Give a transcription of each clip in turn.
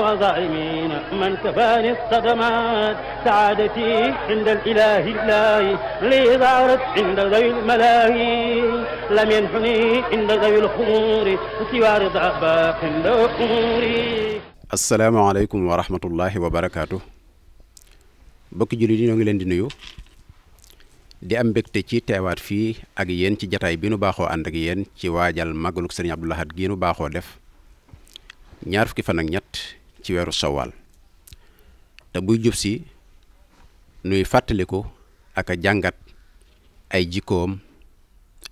وظالمين من كفاني الصدمات سعادتي عند الإله الله لي ظهرت عند ذوي الملاهي لم ينحني عند ذوي الخمور سوى رضا باق لو أموري السلام عليكم ورحمة الله bokki jullit yi ñoo ngi leen di nuyu di am mbégte ci teewaat fii ak yéen ci jataay bi baaxoo ànd ak yéen ci waajal màggaluk sëriñ Abdou Lahad gi nu baaxoo def ñaar fukki fan ak ñett ci weeru sawaal te buy jub si nuy fàttaliku ak a jàngat ay jikkoom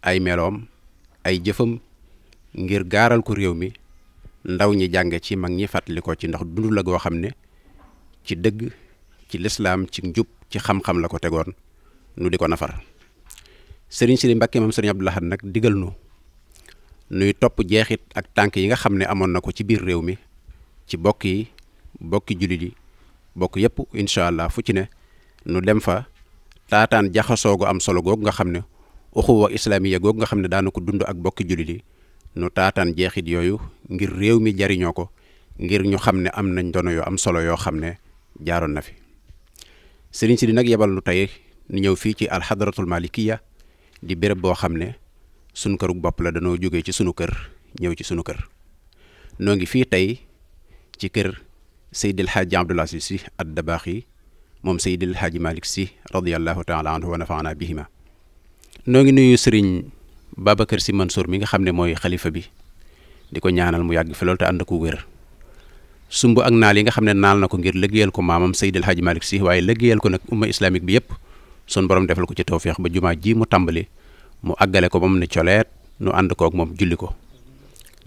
ay meloom ay jëfam ngir gaaral ko réew mi ndaw ñi jànge ci mag ñi fàttalikoo ci ndax dund la goo xam ne ci dëgg ci lislaam ci njub ci xam-xam la ko tegoon nu di ko nafar sëriñ Sidi Mbàkke moom sëriñ Abdou Lahad nag digal nu nuy topp jeexit ak tànk yi nga xam ne amoon na ko ci biir réew mi ci bokk yi bokki jullit yi bokk yëpp incha allah fu ci ne nu dem fa taataan jaxasoo gu am solo googu nga xam ne uxuwa islaamiya googu nga xam ne daana ko dund ak bokki jullit yi nu taataan jeexit yooyu ngir réew mi jariñoo ko ngir ñu xam ne am nañ dono yoo am solo yoo xam ne jaaroon na fi sëriñ si di nag yebal nu tey nu ñëw fii ci alxadratul malikiya di béréb boo xam ne sunu kërug bopp la danoo jógee ci sunu kër ñëw ci sunu kër noo ngi fii tey ci kër Seydil Hadji Abdoul Aziz Sy ad-Dabakhi moom Seydil Hadji Malick Sy radiyallahu taala anhu wa nafaana bihima noo ngi nuyu sëriñ Babacar Sy Mansour mi nga xam ne mooy xalifa bi di ko ñaanal mu yàgg fi loolu te ànd ko wér sumb ak naal yi nga xam ne naal na ko ngir liggéeyal ko maamam Seydil Hadji Malick Sy waaye liggéeyal ko nag umma islamique bi yëpp sun borom defal ko ci tawféex ba jumaa ji mu tàmbali mu àggale ko ba mun ne coleet nu ànd kook moom julli ko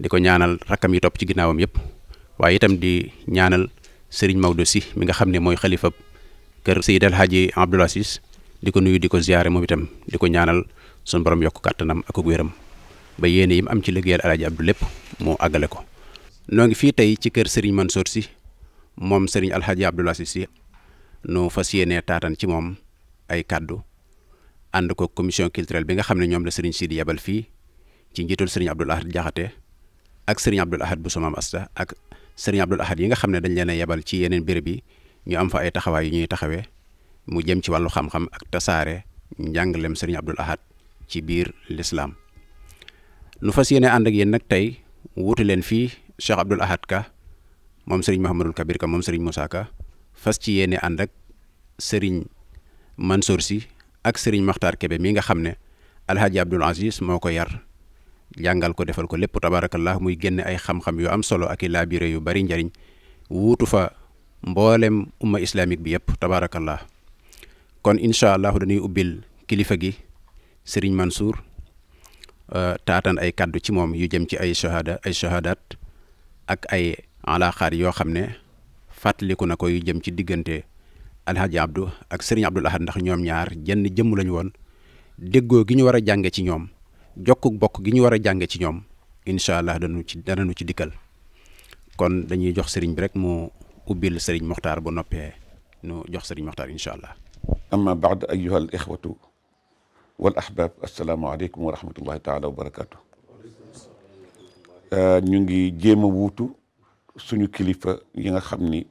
di ko ñaanal rakkam yi topp ci ginnaawam yëpp waaye itam di ñaanal sëriñ Maodo si mi nga xam ne mooy xalifab kër Seydi El Hadji Abdoul Aziz di ko nuyu di ko ziyaare moom itam di ko ñaanal suñu borom yokk kàttanam ak wéram ba yéene yim am ci liggéeyal El Hadji lépp moo àggale ko. noo ngi fii tey ci kër sëriñ Mansour si moom sëriñ El Hadji Abdoul Aziz si nu taatan ci moom ay kàddu ànd ko commission culturelle bi nga xam ne ñoom la sëriñ Sidi yabal fii ci njiitul sëriñ Abdoul Ahad Jaxate ak sëriñ sëriñ Abdul Ahad yi nga xam ne dañ leen a yebal ci yeneen béréb yi ñu am fa ay taxawaay yu ñuy taxawee mu jëm ci wàllu xam-xam ak tasaare njàngalem sëriñ Abdul Ahad ci biir lislaam nu fas yéene ànd ak yéen nag tey wutu leen fii Cheikh Abdul Ahad Ka moom sëriñ Mouhamadul Kabir Ka moom sëriñ Moussa Ka fas ci yéene ànd ak sëriñ man si ak sëriñ Makhtar Kebe mi nga xam ne Alhaji Abdul Aziz moo ko yar. jàngal ko defal ko lépp tabarakallah muy génne ay xam-xam yu am solo ak i laabire yu bari njariñ wuutu fa mboolem umma islamique bi yëpp tabarakallah kon incha allah dañuy ubbil kilifa gi Serigne Mansour euh, taatan ay kàddu ci moom yu jëm ci ay shahada ay shahadat ak ay alaaxaar yoo xam ne fàttaliku na ko yu jëm ci diggante Alhaji Abdou ak Serigne Abdoul Ahad ndax ñoom ñaar jenn jëmm lañu woon déggoo gi ñu war a jànge ci ñoom jokkuk bokk gi ñu war a jànge ci ñoom incha allah danu ci danañu ci dikkal kon dañuy jox sëriñ bi rek mu ubbil sëriñ Moxtaar bu noppee nu jox sëriñ Moxtaar incha allah. ama baad ayuha al ixwatu wal ahbab assalaamu aleykum wa rahmatullahi wa barakaatu. Euh, ñu ngi jéem a wuutu suñu kilifa yi nga xam ni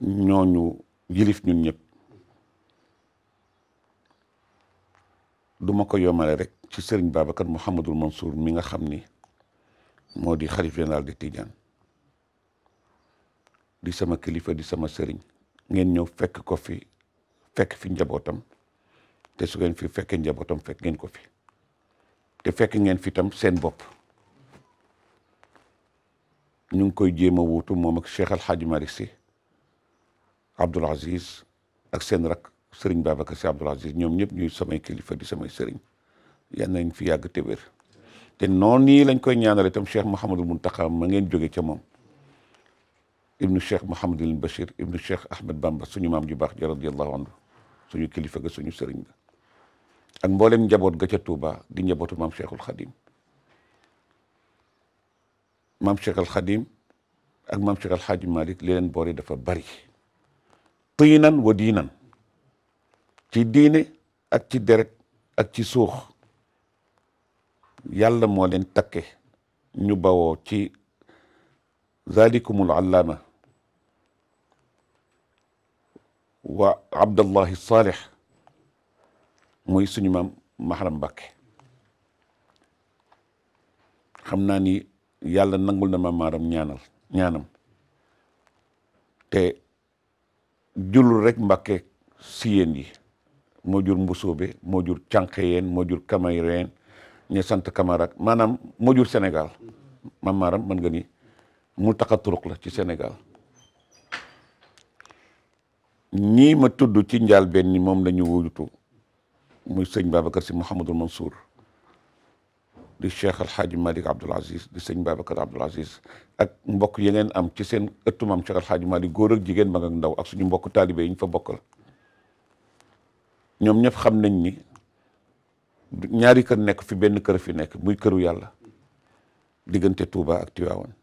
ñooñu yilif ñun ñëpp. du ma ko yomale rek ci sëriñ Babacar Mouhamadul Mansour mi nga xam ni moo di xalif général de Tidiane di sama kilifa di sama sëriñ ngeen ñëw fekk ko fi fekk fi njabootam te su ngeen fi fekkee njabootam fekk ngeen ko fi te fekk ngeen fi tam seen bopp ñu ngi koy jéem ma wuutu moom ak Cheikh Al Hadj si Sy Abdoul ak seen rakk sëriñ Babacar Sy Abdoul Aziz ñoom ñëpp ñu samay kilifa di samay sëriñ yal nañ fi yàgg te wér te noonu nii lañ koy ñaanale tam itam Cheikh Mouhamadul Mountakha ma ngeen jóge ca moom ibnu Cheikh Mouhamadul Bachir ibnu Cheikh Ahmed Bamba suñu maam ju baax ja radiyallahu anhu suñu kilifa ga suñu sëriñ ga ak mboolem njaboot ga ca tuuba di njabootu maam Cheikhul Khadim maam Cheikh Al ak mam Cheikh Al Hadji Malick li leen boole dafa bari tiinan wa diinan ci diine ak ci deret ak ci suux yàlla moo leen takke ñu bawoo ci zalikumul allaama wa abdallahi saalih muy suñu maam Maxaram Mbàkke xam naa ni yàlla nangul na ma maaram ñaanal ñaanam te julul rek Mbàkke si yéen yi moo jur mbusoobe moo jur cànqeyeen moo jur kamayreen ñu sant kamarak maanaam moo jur Sénégal mam maaram nga ni mu taxa turuq la ci senegal ñii ma tudd ci njaal benn ni moom la ñu wuutu muy sëñ Babacar si mu Mouhamadul Mansour di Cheikh Al Hadj Malick Abdoul Aziz di sëñ Babacar Abdoul Aziz ak mbokk yeneen am ci seen ëttumam Cheikh Al Hadj Malick góor ak jigéen mag ak ndaw ak suñu mbokk taalibe yi ñu fa bokkal ñoom ñëpp xam nañ ni ñaari kër nekk fi benn kër fi nekk muy këru yàlla diggante Touba ak Tivaouane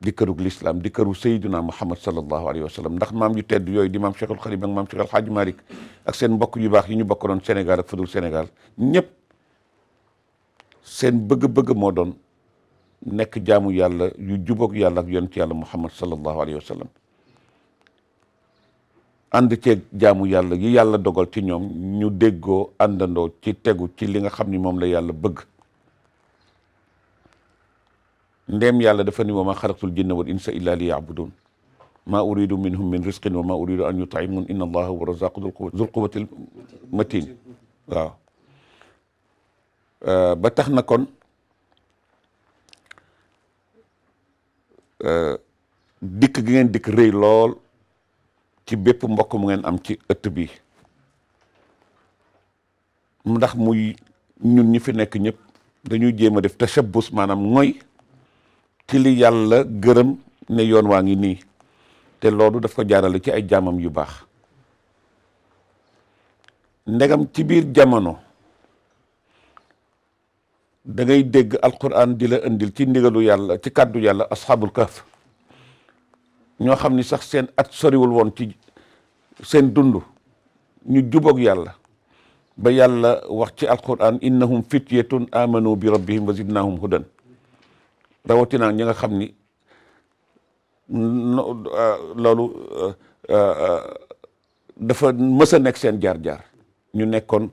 di kërug lislaam di këru Seydina Muhammad sallallahu alayhi wa sallam ndax maam yu tedd yooyu di maam Cheikhul Khadim ak maam Cheikh El Hadj ak seen mbokk yu baax yi ñu bokkaloon Sénégal ak fudul Sénégal ñëpp seen bëgg-bëgg moo doon nekk jaamu yàlla yu jubóog yàlla ak yonent yàlla Muhammad sallallahu alayhi wa sallam ànd ceeg jaamu yàlla yi yàlla dogal ci ñoom ñu déggoo àndandoo ci tegu ci li nga xam ni moom la yàlla bëgg ndéem yàlla dafa ni wa ma xalaqtul jinna wal insa illa li yaabudun ma uridu minhum min risqin wa ma uridu an yutaimun inna allaha wa razaqu dul quwati matin waaw euh, ba tax na kon euh, dikk gi ngeen dikk rëy lool ci bépp mbokk mu ngeen am ci ëtt bi ndax muy ñun ñi fi nekk ñëpp dañuy jéem a def tashabbus maanaam mooy ci li yàlla gërëm ne yoon waa ngi nii te loolu daf ko jaarale ci ay jaamam yu baax ndegam ci biir jamono dangay dégg dégg alquran di la indil ci ndigalu yàlla ci kàddu yàlla asxaabul kahf ñoo xam ni sax seen at soriwul woon ci seen dund ñu jubóog yàlla ba yàlla wax ci alquran innahum fityatun amanu bi rabbihim wa zidnahum hudan rawatina ñi nga xam ni uh, loolu uh, uh, dafa mësa nekk seen jaar-jaar ñu nekkoon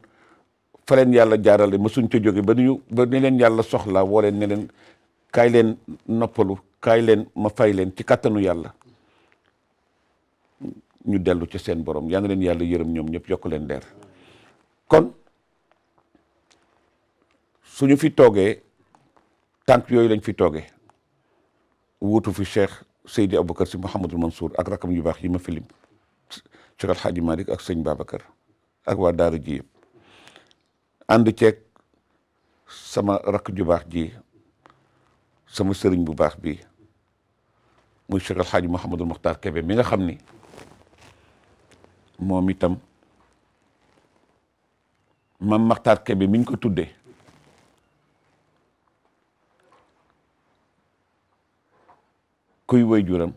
fa leen yàlla jaarale mësuñ ca jóge ba ñu ba ne leen yàlla soxla woo leen ne kaay leen noppalu kaay leen ma fay leen ci kàttanu yàlla ñu dellu ci seen borom yaa ngi leen yàlla yërëm ñoom ñëpp yokk leen leer kon ñu fi toogee tànk yooyu lañ fi toogee wuutu fi cheikh Seydi Aboubacar si Mouhamadul Mansour ak rakam yu baax yi ma filim Cheikh El malik ak sëñ Babacar ak waa daara ji yëpp ànd ceeg sama rakk ju baax ji sama sëriñ bu baax bi muy Cheikh El Hadji Mouhamadul Mokhtar Kébé mi nga xam ni moom itam mam Maxtaar Kebe miñ ko tuddee kuy waajuram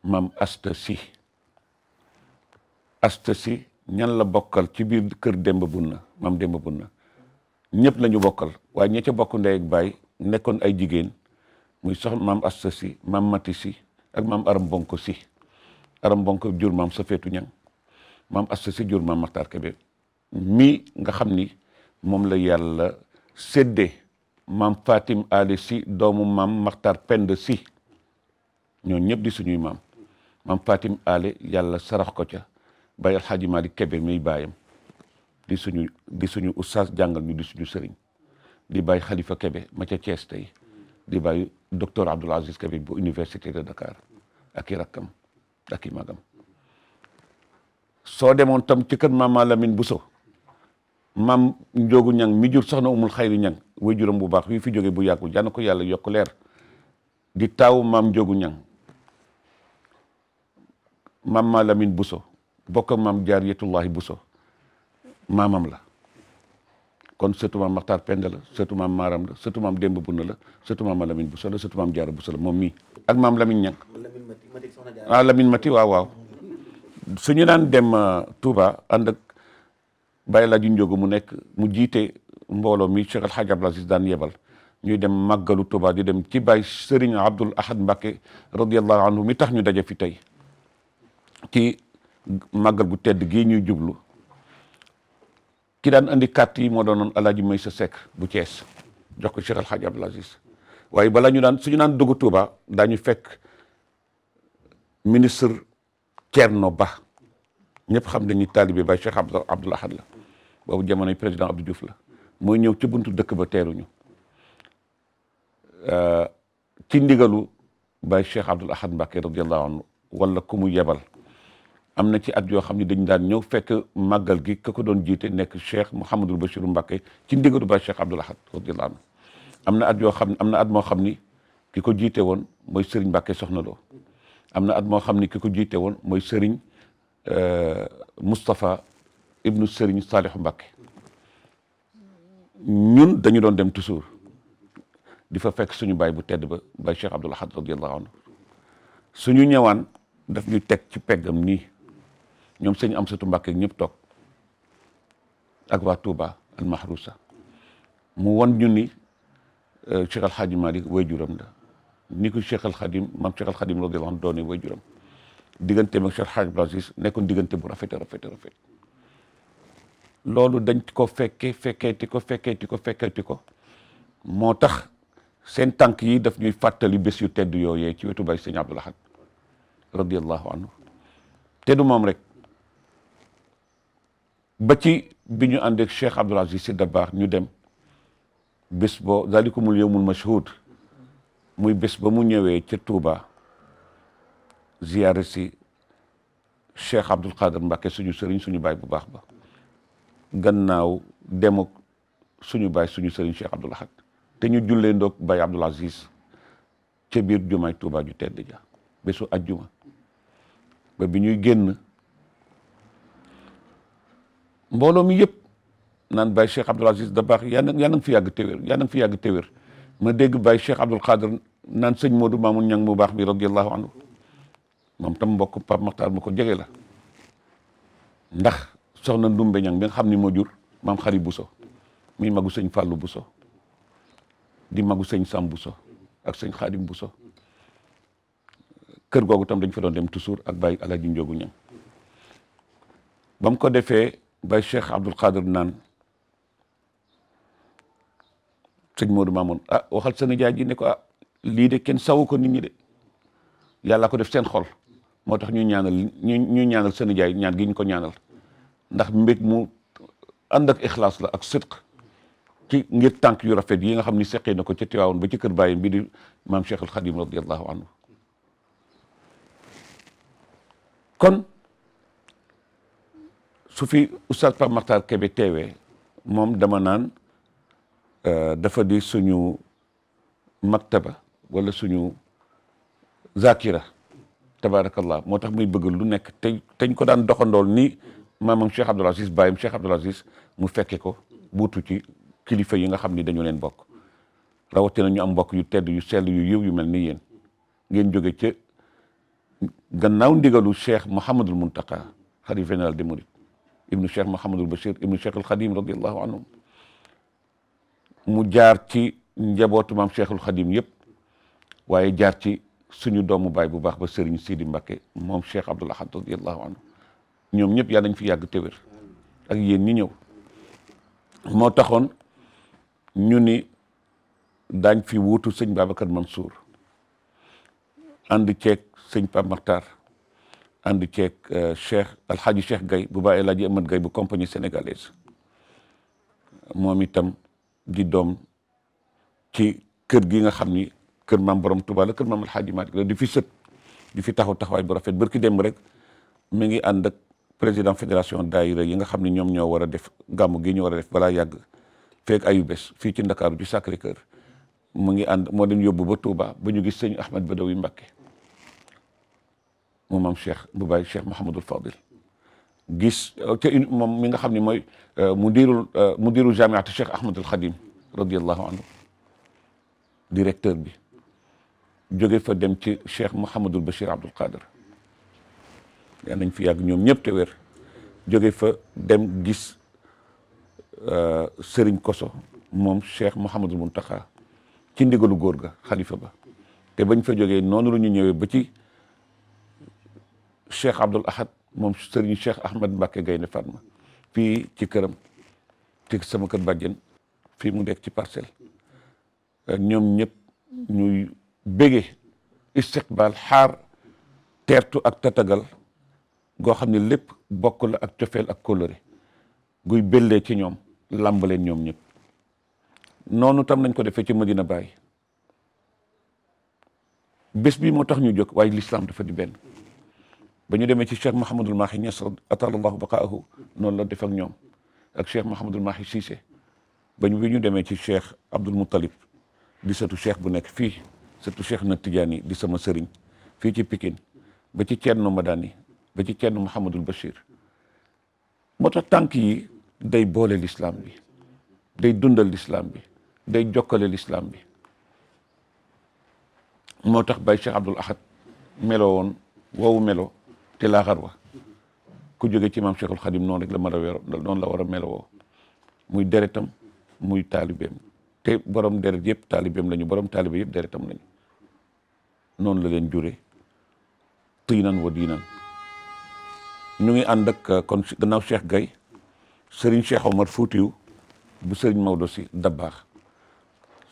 mam asta si asta si ñan la bokkal ci biir kër Demba Bunna mam Demba Bunna ñëpp lañu bokkal waaye ña ca bokk ndey ak baay nekkoon ay jigéen muy soxna mam asta si mam mati si ak mam aram bonko si aram bonko jur maam sa feetu ñang maam asta si jur maam maxtaar kebe mi nga xam ni moom la yàlla séddee maam fatim ali si doomu maam maxtaar pend si ñoom ñëpp di suñuy maam maam fatim ali yàlla sarax ko ca bay alxaaji malik kebe miy baayam di suñu di suñu oustaz jàngal ñu di suñu sëriñ di bàyyi xalifa kebe ma ca Thiès tey di bàyyi docteur Abdoul Aziz Kebe bu université de Dakar ak rakkam ak magam soo demoon tam ci kër maam Lamine Bousso maam Njóogu Ñang mi jur soxna Umul Xayri Ñang way juróom bu baax wi fi joge bu yàggul jànn ko yàlla yokk leer di taaw maam Njóogu Ñang maam Lamine Bousso bokk maam Jaariyatullaahi Bousso maamam la kon sëtu maam Maxtaar Penda la sëtu maam Maaram la sëtu maam Demba Buna la sëtu maam Lamine Bousso la sëtu maam Jaara Bousso la moom mii ak maam Lamine Ñang ah Lamine Mati waaw waaw suñu daan dem euh, Touba ànd ak Baye Laji Njóogu mu nekk mu jiite mbooloo mi Cheikh El Hadj Aziz daan yebal ñuy dem màggalu Touba di dem ci Baye Serigne Abdoul Ahad Mbacké radiyallahu anhu mi tax ñu daje fi tey ci màggal gu tedd gi ñuy jublu ki daan andi carte yi moo doonoon alaaji may sa Seck bu Thiès jox ko Cheikh El Hadj Abdoul Aziz waaye balaa ñu daan suñu naan dugg Touba daañu fekk ministre Thierno Ba ñëpp xam nañu taalibe Baye Cheikh Abdoul Ahad la boobu jamonoy président Abdou Diouf la mooy ñëw ci buntu dëkk ba teeruñu euh, ci ndigalu Baye Cheikh Abdoul Ahad Mbacké radiyallahu anhu wala ku mu yebal am na ci at yoo xam ne dañ daan ñëw fekk màggal gi ka ko doon jiite nekk cheikh Mouhamadul Bachir Mbacké ci ndigalu ba cheikh Abdoul Ahad radiyallahu anhu am na at yoo xam ne am na at moo xam ni ki ko jiite woon mooy Serigne Mbacké am na at moo xam ni ki ko jiite woon mooy Serigne euh, Moustapha ibnu Serigne Salih Mbacké ñun dañu doon dem toujours di fa fekk suñu baay bu tedd ba ba cheikh Abdoul Ahad radiyallahu anhu suñu ñëwaan daf ñu teg ci peggam nii ñoom sëñ Amsatu Mbàkke ñëpp toog ak waa Touba al Mahrousa mu wan ñu ni euh, Cheikh Al Hadj Malick waajuram la ni ko Cheikh Al Khadim maam Cheikh Al Khadim radiyallahu anhu doone waajuram digganteem ak Cheikh Hadj nekkoon diggante bu rafet rafete rafet loolu dañ ko fekke fekkeeti ko fekkeeti ko fekkeeti ko moo tax seen tànk yi daf ñuy fàttali bés yu tedd yooyee ci wetu bay sëñ Abdul Ahad radiyallahu anhu te du moom rek. ba ci bi ñu ànd ak Cheikh Abdoul Aziz Sy Dabakh ñu dem bés boo zalikumul yawmul mashhud muy bés ba mu ñëwee ca Touba ziyaare si Cheikh Abdoul Khader Mbacke suñu sëriñ suñu baay bu baax ba gannaaw demuk suñu baay suñu sëriñ Cheikh Abdoul Ahad te ñu jullee ndoog baay Abdoul Aziz ca biir jumaay Touba ju tedd ja bésu ajjuma ba bi ñuy génn mbooloo mi yëpp naan Baye Cheikh Abdoul Aziz Dabakh yaa na yaa na nga fi yàgg téwér yaa na nga fi yàgg téwér ma dégg Baye Cheikh Abdoul Khadir naan sëñ Modou Mamoun Niang mu baax bi radiyallahu anhu moom tam mbokk Pape Makhtar mu ko jege la ndax soxna Ndumbe Niang bi nga xam ni moo jur maam xari Bousso muy magu sëñ Fallou Bousso di magu sëñ Sam Bousso ak sëñ Khadim Bousso kër googu tam dañ fa doon dem toujours ak Baye Alaaji Njogu Niang ba ko defee bay cheikh abdul qadir naan sëñ Modou Mamoun a ah, waxal sa nijaay ji ne ko ah lii de kenn sawu ko nit ñi de yàlla ko def seen xol moo tax ñu ñaanal ñu ñu ñaanal sa nijaay ñaan gi ñu ko ñaanal ndax mbég mu ànd ak ixlaas la ak sidq ci ngir tànk yu rafet yi nga xam ni seqee na ko ci Tiwaawoon ba ci kër bàyyi bi di maam Cheikh al Xadim radiallahu anhu kon su fi oustaz Pape Makhtar Kébé teewee moom dama naan euh, dafa di suñu maktaba wala suñu zakira tabarakallah moo tax muy bëgg lu nekk te teñ ko daan doxandool ni maamam Cheikh Abdoul Aziz bàyyam Cheikh Abdoul Aziz mu fekke ko buutu ci kilifa yi nga xam ni dañu leen bokk rawatina ñu am mbokk yu tedd yu sell yu yiw yu mel ni yéen ngeen jóge ca gannaaw ndigalu Cheikh Mouhamadul Muntaka xalifa général de mourides ibnu cheikh Mouhamadul Bachir ibnu cheikh al Khadim radiallahu anhum mu jaar ci njabootu maam cheikhul Khadim yëpp waaye jaar ci suñu doomu baay bu baax ba Serigne Sidi Mbacke moom cheikh Abdoul Ahad radiallahu anhu ñoom ñëpp yaa nañ fi yàgg téwér ak yéen ñi ñëw moo taxoon ñu ni daañ fi wuutu sëñ Babacar Mansour ànd ceeg sëñ Pape ànd ceeg euh, Cheikh Alhaji Cheikh gay bu bàyyi Alhaji Amat Gaye bu compagnie sénégalaise moom itam di doom ci kër gi nga xam ni kër maam borom Touba la kër maam Alhaji Malick la di fi sët di fi taxaw taxawaay bu rafet barki dem rek mu ngi ànd ak président fédération daayira yi nga xam ni ñoom ñoo war a def gàmmu gi ñu war a def balaa yàgg feeg ayu bés fii ci Ndakaaru ci Sacré Cœur mu ngi ànd moo dem yóbbu ba Touba ba ñu gis sëñ Ahmed Badawi Mbacké moom maam cheikh bu bàyyi cheikh Mouhamadul Fadil gis te moom mi nga xam ne mooy euh, mu diirul euh, mu diirul jamiatu cheikh Ahmadul Khadim radiallahu anhu directeur bi jóge fa dem ci cheikh Mouhamadul Bachir Abdoul Qadir yaa nañ fi yàgg ñoom ñëpp te wér jóge fa dem gis euh, Sëriñ Koso moom cheikh Mouhamadul Muntaxa ci ndigalu góor ga xalifa ba te bañ fa jógee noonu la ñu ñëwee ba ci Cheikh Abdoul Ahad moom sëriñ Cheikh Ahmed Mbacke Gaynde Fatma fii ci këram ci sama kër bàjjen fii mu nekk ci parcelle euh, ñoom ñëpp ñuy bége istiqbal xaar teertu ak tatagal goo xam ne lépp bokk la ak cofeel ak kolore guy bellee ci ñoom làmb leen ñoom ñëpp noonu tam nañ ko defee ci Medina Baye bés bi moo tax ñu jóg waaye l'islam dafa di benn ba ñu demee ci cheikh Mouhamadul Mahi Niass atalallahu baqaahu noonu la def ak ñoom ak cheikh Mouhamadul Mahi Cissé ba ñu bi ñu demee ci cheikh Abdoul Moutalib di sëtu cheikh bu nekk fii sëtu cheikh na Tidiane di sama sëriñ fii ci pikin ba ci Thierno Madani ba ci Thierno Mouhamadul Bachir moo tax tànk yi day boole lislaam bi day dundal lislaam bi day jokkale lislaam bi moo tax bay cheikh Abdoul Ahad meloo woon woowu melo te laaxar wa ku jóge ci maam Cheikhul Khadim noonu la mën a wéro noonu la war a melowoo muy deretam muy taalibeem te borom deret yëpp taalibeem lañu borom taalibe yëpp deretam lañu noonu la leen jure tiinan wa diinan ñu ngi ànd ak uh, kon gannaaw Cheikh Gaye Serigne Cheikh Omar Foutiou bu Serigne Maodo si baax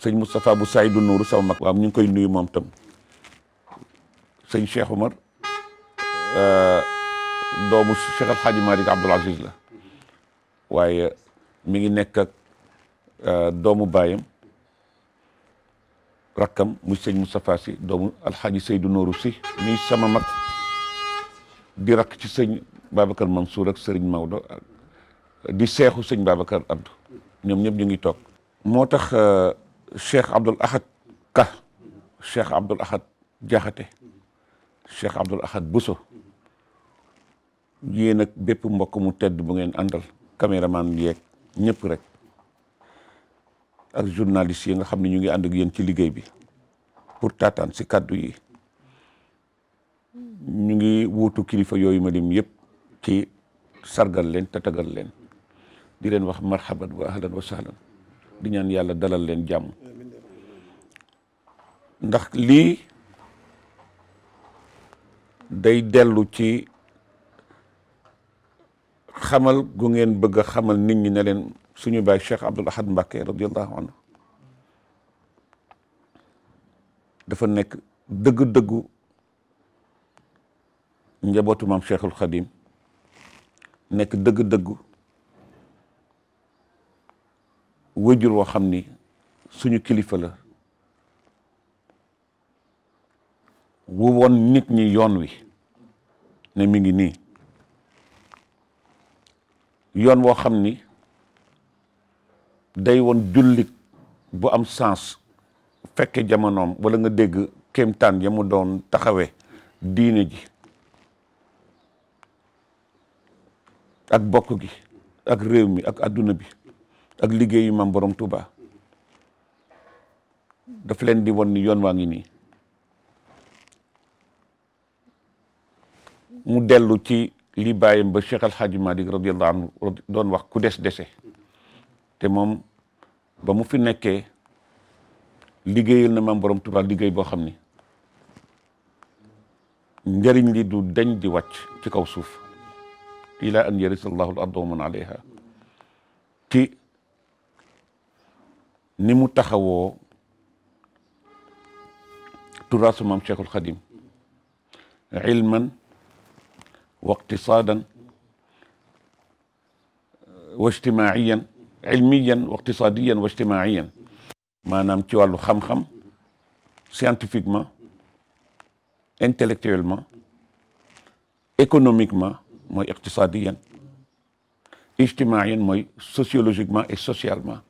sëñ Moustapha bu Saydou Nourou sama mag. waaw ñu ngi koy nuyu moom tam sëñ Cheikh Omar. Euh, doomu Cheikh El Hadj Malick Abdoul la waaye mi ngi nekk ak euh, doomu baayam rakkam mu sëñ Moustapha si doomu Al Hadj Seydou si mi sama mag di rakk ci sëñ Babacar Mansour ak Serigne Maodo di seexu sëñ Babacar Abdou ñoom ñëpp ñu ngi toog. moo tax euh, Cheikh Abdoul Ahad Ka Cheikh Abdoul Ahad Jaxate Cheikh Abdoul Ahad Bousso yéen ak bépp mbokk mu tedd bu ngeen àndal caméraman yeeg ñëpp rek ak journaliste yi nga xam ne ñu ngi ànd ak yéen ci liggéey bi pour taataan si kàddu yi ñu ngi wuutu kilifa yooyu ma lim yëpp ci sargal leen tatagal leen di leen wax marhaban wa ahlan wa sahlan di ñaan yàlla dalal leen jàmm ndax lii day dellu ci xamal gu ngeen bëgg a xamal nit ñi ne leen suñu baay Cheikh Abdoul Ahad Mbacké radiyallahu anhu dafa nekk dëgg-dëggu njabootu mam Cheikhul Khadim nekk dëgg-dëggu wëjur woo xam ni suñu kilifa la bu won nit ñi yoon wi ne mi ngi nii yoon woo xam ni day won jullit bu am sens fekkee jamonoom wala nga dégg kéemtaan ya mu doon taxawe diine ji ak bokk gi ak réew mi ak adduna bi ak liggéeyu maam borom Touba daf leen di won ni yoon waa ngi nii mu dellu ci li bàyyam ba Cheikh Alhaji Malick radiyallahu doon wax ku des dese te moom ba mu fi nekkee liggéeyal na maam borom Tuubaa liggéey boo xam ni njëriñ li du dañ di wàcc ci kaw suuf ilaa an yarisa allahu al arda wa ci ni mu taxawoo turaasu maam Cheikhul Xadim ilman wa iqtisaadan wa ijtimaaciyan ilmiyan wa iqtisaadiyan wa ijtimaaciyan maanaam ci wàllu xam-xam scientifiquement intellectuellement économiquement mooy iqtisaadiyan ijtimaaciyan mooy sociologiquement et socialement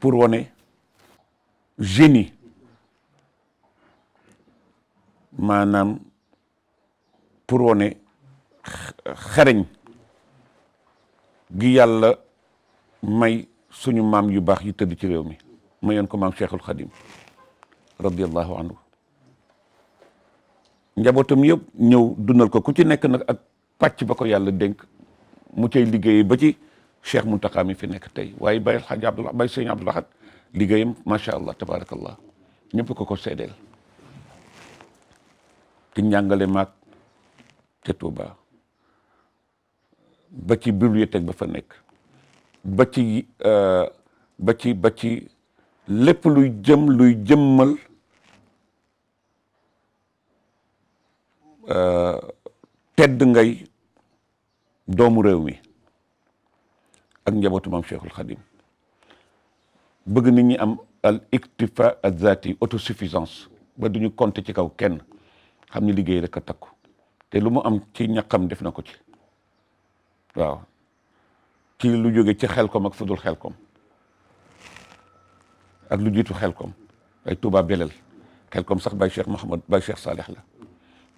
pour wane génie maanaam pour wane xereñ gi yàlla may suñu maam yu baax yi tëdd ci réew mi mayoon ko maam cheikhul xadim radiallahu anhu njabootam yëpp ñëw dundal ko ku ci nekk nag ak pàcc ba ko yàlla dénk mu cay liggéeyee ba ci cheikh Muntaqa mi fi nekk tey waaye Baye Alxaaji Abdul Bay Sëñ Abdul Ahad liggéeyam macha allah tabaarakallah ñëpp ko ko seedeel ci njàngale maag ca Tuuba ba ci bibliothèque ba fa nekk ba ci euh, ba ci ba ci lépp luy jëm luy jëmmal euh, tedd ngay doomu réew mi ak njabootu maam Cheikhul Khadim bëgg nit ñi am al iktifa azati autosuffisance ba duñu compter ci kaw kenn xam ni liggéey rek a takku te lu mu am ci ñaqam def na ko ci waaw ci lu jóge ci xelkom ak fudul xelkom ak lu jiitu xelkom ay Touba Belel xelkom sax bay Cheikh Mahamad bay Cheikh Saleh la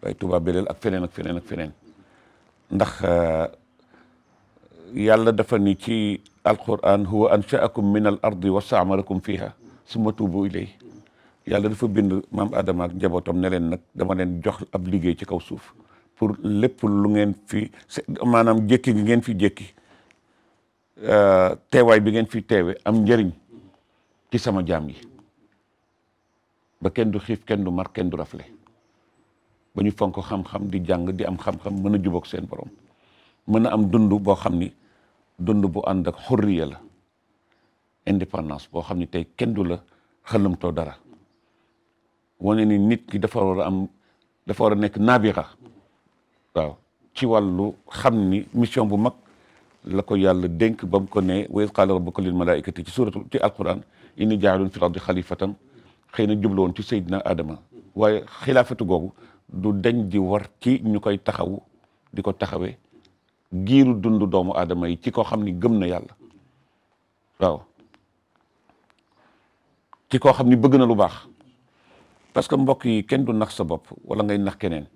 bay Touba Belel ak feneen ak feneen ak feneen ndax eh, yàlla dafa ni ci alquran huwa anshaakum min al ardi wa staamarakum fiha summa tuubu ilay yàlla dafa bind maam Adama ak njabootam ne leen nag dama leen jox ab liggéey ci kaw suuf pour lépp lu ngeen fi maanaam jékki bi ngeen fi jékki euh, teewaay bi ngeen fi teewe am njëriñ ci sama jaam yi ba kenn du xiif kenn du mar kenn du rafle ba ñu fonk xam-xam di jàng di am xam-xam mën a jubóog seen borom mën a am dund boo xam ni dund bu ànd ak xurriya la indépendance boo xam ni tey kenn du la xëlëmtoo dara wane ni nit ki dafa war a am dafa war a nekk naabixa waaw ci wàllu xam ni mission bu mag la ko yàlla dénk ba mu ko ne wa iz qaala rabbuka lil malaa'ikati ci suuratul ci alquran inni jaa'ilun fil ardi xalifatan xëy na jublu woon ci Seydina Adama waaye xilaafatu googu du dañ di war ci ñu koy taxawu di ko taxawee giiru dundu doomu Adama yi ci ko xam ni gëm na yàlla waaw ci koo xam ni bëgg na lu baax parce que mbokk yi kenn du nax sa bopp wala ngay nax keneen.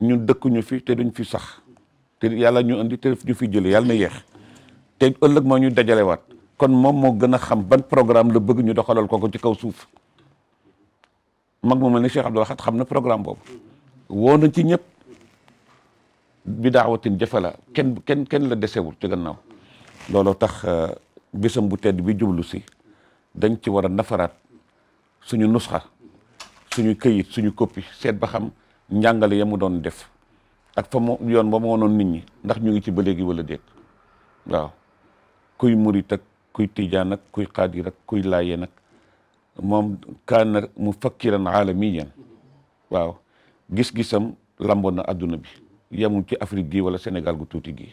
ñun dëkkuñu fi te duñ fi sax te yàlla ñu indi te ñu fi jëlee yàlla na yeex te ëllëg moo ñu dajalewaat kon moom moo gën a xam ban programme la bëgg ñu doxalal ko ko ci kaw suuf mag mu mel ni Cheikh Abdoul Ahad xam na programme boobu woo na ci ñëpp bi daawatin jafe la kenn kenn kenn la desewul ci naaw looloo tax euh, bisam bu tedd bi jublu si dañ ci war a nafaraat suñu nusxa suñu këyit suñu copie seet ba xam njàngale ya mu doon def ak fa mu yoon ba mu woonoon nit ñi ndax ñu ngi ci ba léegi wala déet waaw kuy murit ak kuy tijaan ak kuy xaadir ak kuy laayeen ak moom kaana mufakkiran aalamiyan waaw gis-gisam lamboon na adduna bi yemul ci Afrique gi wala Sénégal gu tuuti gi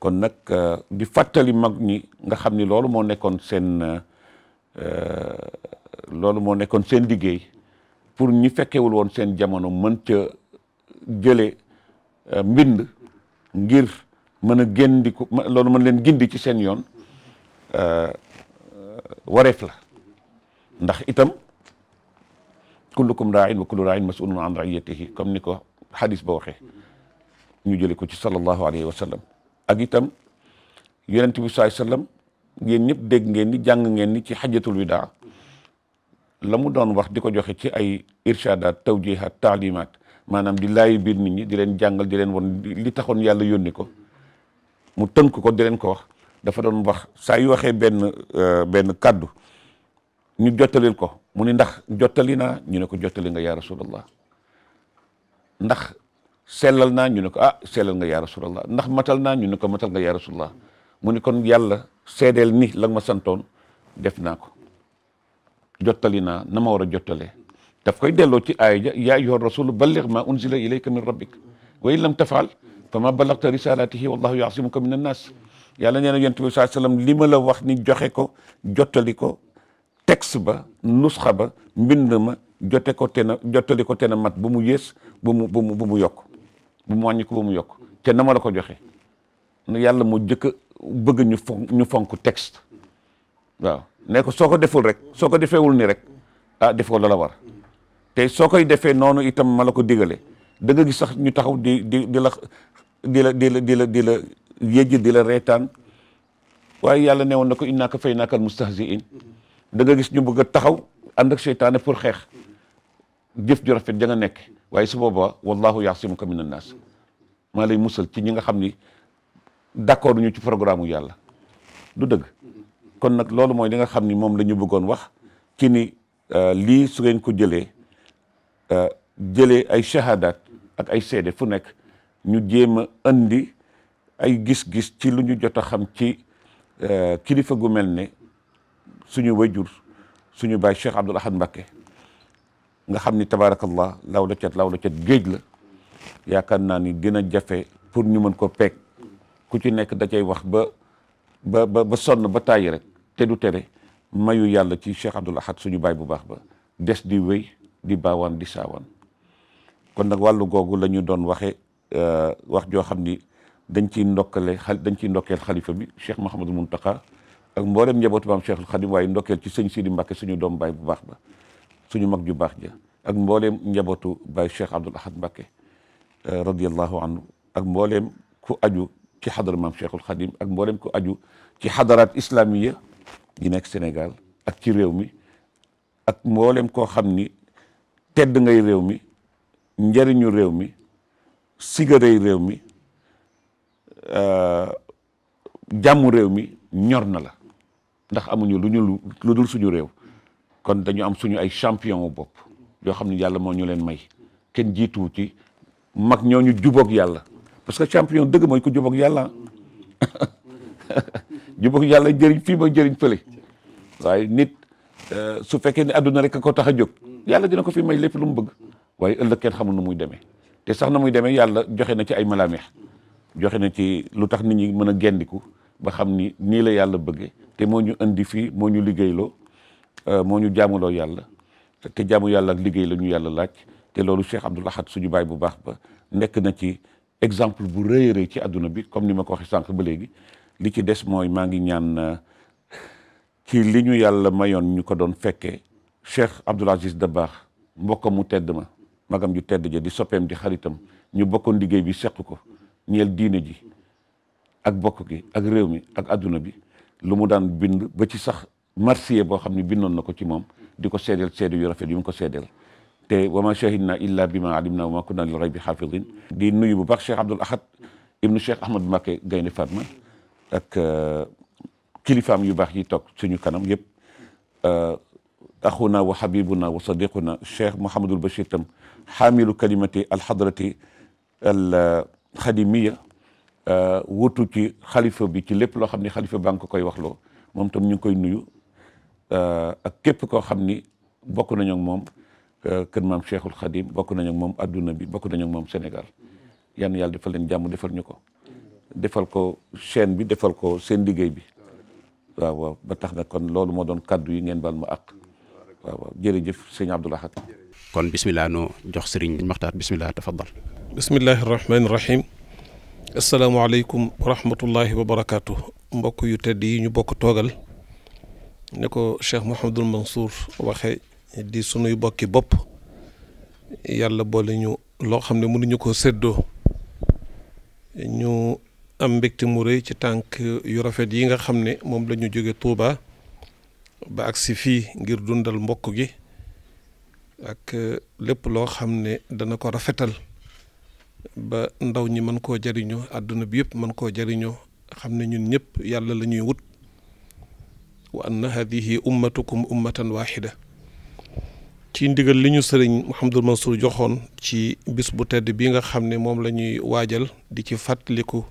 kon nag euh, di fàttali mag ñi nga xam ni loolu moo nekkoon seen euh, loolu moo nekkoon seen liggéey pour ñi fekkewul woon seen jamono mën ca jële euh, mbind ngir mën a géndi ko loolu mën leen gindi ci seen yoon euh, euh, wareef la ndax itam kullukum raain wa kullu raain masulun an raiyatihi comme ni ko xadis ba waxee ñu jële ko ci sallallahu alayhi wa sallam ak itam yonent bi saai sallam yéen ñëpp dégg ngeen ni jàng ngeen ni ci xajatul widaa la mu doon wax di ko joxe ci ay irshadaat tawjihat taalimaat maanaam di laayi biir nit ñi di leen jàngal di leen won li taxoon yàlla yónni ko mu tënk ko di leen ko wax dafa doon wax saa yu waxee benn euh, benn kàddu ñu jottalil ko mu ni ndax jottali naa ñu ne ko jottali nga yaa rasulallah ndax sellal naa ñu ne ko ah sellal nga yaa rasulallah ndax matal naa ñu ne ko matal nga yaa rasulallah mu ne kon yàlla seedeel ni la nga santoon def naa ko jottali naa na ma war a jottalee daf koy delloo ci aaya ja yaa ayyuha rasulu balligh ma unzila ilayka min rabbik wa in lam tafaal fa ma ballagta risalatihi wallahu yaasimuka min annaas yàlla nee na yonent bi saa sallam li ma la wax ni joxe ko jottali ko texte ba nusxa ba mbind ma jote ko te jottali ko te na mat ba mu yées ba mu mu yokk bu mu wàññi ko bu mu yokk te na ma la ko joxe yàlla mu jëkk bëgg ñu fonk ñu waaw ne ko soo ko deful rek soo ko defeewul nii rek ah defoo la la war te soo koy defee noonu itam ma la ko digale da nga gis sax ñu taxaw di di di la di la di la di la di la yéjj di la reetaan waaye yàlla newoon na ko innaa ka fay naakal mustahziin da nga gis ñu bëgg a taxaw ànd ak seytaane pour xeex jëf ju rafet ja nga nekk waaye su boobaa wallahu yaasimuka min annaas maa lay musal ci ñi nga xam ni d'accord ñu ci programme yàlla du dëgg kon nag loolu mooy li nga xam ni moom la bëggoon wax ci ni euh, lii su ngeen ko jëlee euh, jëlee ay shahadaat ak ay seede fu nekk ñu jéem a andi ay gis-gis ci lu ñu jot a xam ci euh, kilifa gu mel ne suñu wajur suñu baay Cheikh Abdoul Ahad Mbacké nga xam ni tabaarakallah law la cat law la cat géej la yaakaar naa ni dina jafe pour ñu mën ko peeg ku ci nekk da cay wax ba ba sonn ba tàyyi rek te du tere mayu yàlla ci Cheikh Abdoul Ahad suñu baay bu baax ba des di wéy di baawaan di saawaan kon nag wàllu googu lañu ñu doon waxee euh, wax joo xam ni dañ ciy ndokkale xal dañ ciy ndokkeel xalifa bi Cheikh Mouhamadou Mountakha ak mboolem njabootu maam Cheikhul Khadim waaye ndokkeel ci sëñ Sidi Mbacke suñu doom baay bu baax ba suñu mag ju baax ja ak mbooleem njabootu baay Cheikh Abdoul Ahad euh, mbooleem ku aju ci xadara maam ak mbooleem ku aju ci xadaraat islamiya yi nekk Sénégal ak ci réew mi ak mboolem koo xam ni tedd ngay réew mi njëriñu réew mi sigarey réew mi euh, jàmmu réew mi ñor na la ndax amuñu lu ñu lu dul suñu réew kon dañu am suñu ay champion bopp yoo xam ne yàlla moo ñu leen may kenn jiituwu ci mag ñooñu juboog yàlla parce que champion dëgg mooy ko juboog yàlla ñu bëgg yàlla jëriñ fii ma jëriñ fële waaye nit euh, su fekkee ne àdduna rek ko tax a jóg yàlla dina ko fi may lépp lu mu bëgg waaye ëllëg kenn xamul na muy demee te sax na muy demee yàlla joxe na ci ay malaameex joxe na ci lu tax nit ñi mën a gendiku ba xam ni nii la yàlla bëggee te moo ñu indi fii moo ñu liggéeyloo euh, moo ñu jaamuloo yàlla te jaamu yàlla ak liggéey la ñu yàlla laaj te loolu Cheikh du Ahad suñu baay bu baax ba nekk na ci exemple bu rëy a ci adduna bi comme ni ma ko waxee sànq ba li ci des mooy maa ngi ñaan euh, ci li ñu yàlla mayoon ñu ko doon fekkee Cheikh Abdoul Aziz Dabakh mbokk mu tedd ma magam ju tedd ja di soppeem di xaritam ñu bokkoon liggéey bi seq ko ñeel diine ji ak bokk gi ak réew mi ak adduna bi lu mu daan bind ba ci sax marsiye boo xam ne bindoon na ko ci moom di ko seedeel seede yu rafet yu mu ko seedeel te wa ma shahidna illa bima alimna wa ma kunna lil ghaybi hafidin di nuyu bu baax Cheikh Abdoul Ahad ibnu Cheikh Ahmad Mbacké Gaynde Fatma ak euh, kilifaam yu baax yi toog suñu kanam yëpp euh, axuna wa habibuna wa sadiquna cheikh Mouhamadul Bachir tam xaamilu kalimati alxadrati al xadimiya euh, wutu ci xalifa bi ci lépp loo xam ne xalifa baa ngi ko koy waxloo moom tam ñu ngi koy nuyu ak képp koo xam ni bokk nañu ak moom kër maam cheikhul xadim bokk nañu ak moom adduna bi bokk nañu ak moom senegal yan yàlla defal leen jàmm defal ñu ko defal ko chaîne bi defal ko seen liggéey bi waaw waaw ba tax na kon loolu moo doon kaddu yi ngeen ba ma ak waaw waaw jërëjëf sëñ Abdoul kon bisimilah nu jox sëriñ Maxtaar bisimilah tafaddal bisimillahi rahmaani rahim asalaamaaleykum wa rahmatullahi wa mbokk yu tedd yi ñu bokk toogal ne ko Cheikh Mouhamadul Mansour waxe di sunuy bokki bopp yàlla boole ñu loo xam ne mënuñu ko seddoo ñu am mbégte mu rëy ci tànk yu rafet yi nga xam ne moom lañu jóge Touba ba agsi fii ngir dundal mbokk gi ak euh, lépp loo xam ne dana ko rafetal ba ndaw ñi mën koo jariñoo àdduna bi yëpp mën koo jariñoo xam ne ñun ñëpp yàlla la ñuy wut wa anna hadihi ummatukum ummatan waxida ci ndigal li ñu sëriñ Mouhamadul Mansour joxoon ci bis bu tedd bi nga xam ne moom lañuy waajal di ci fàttaliku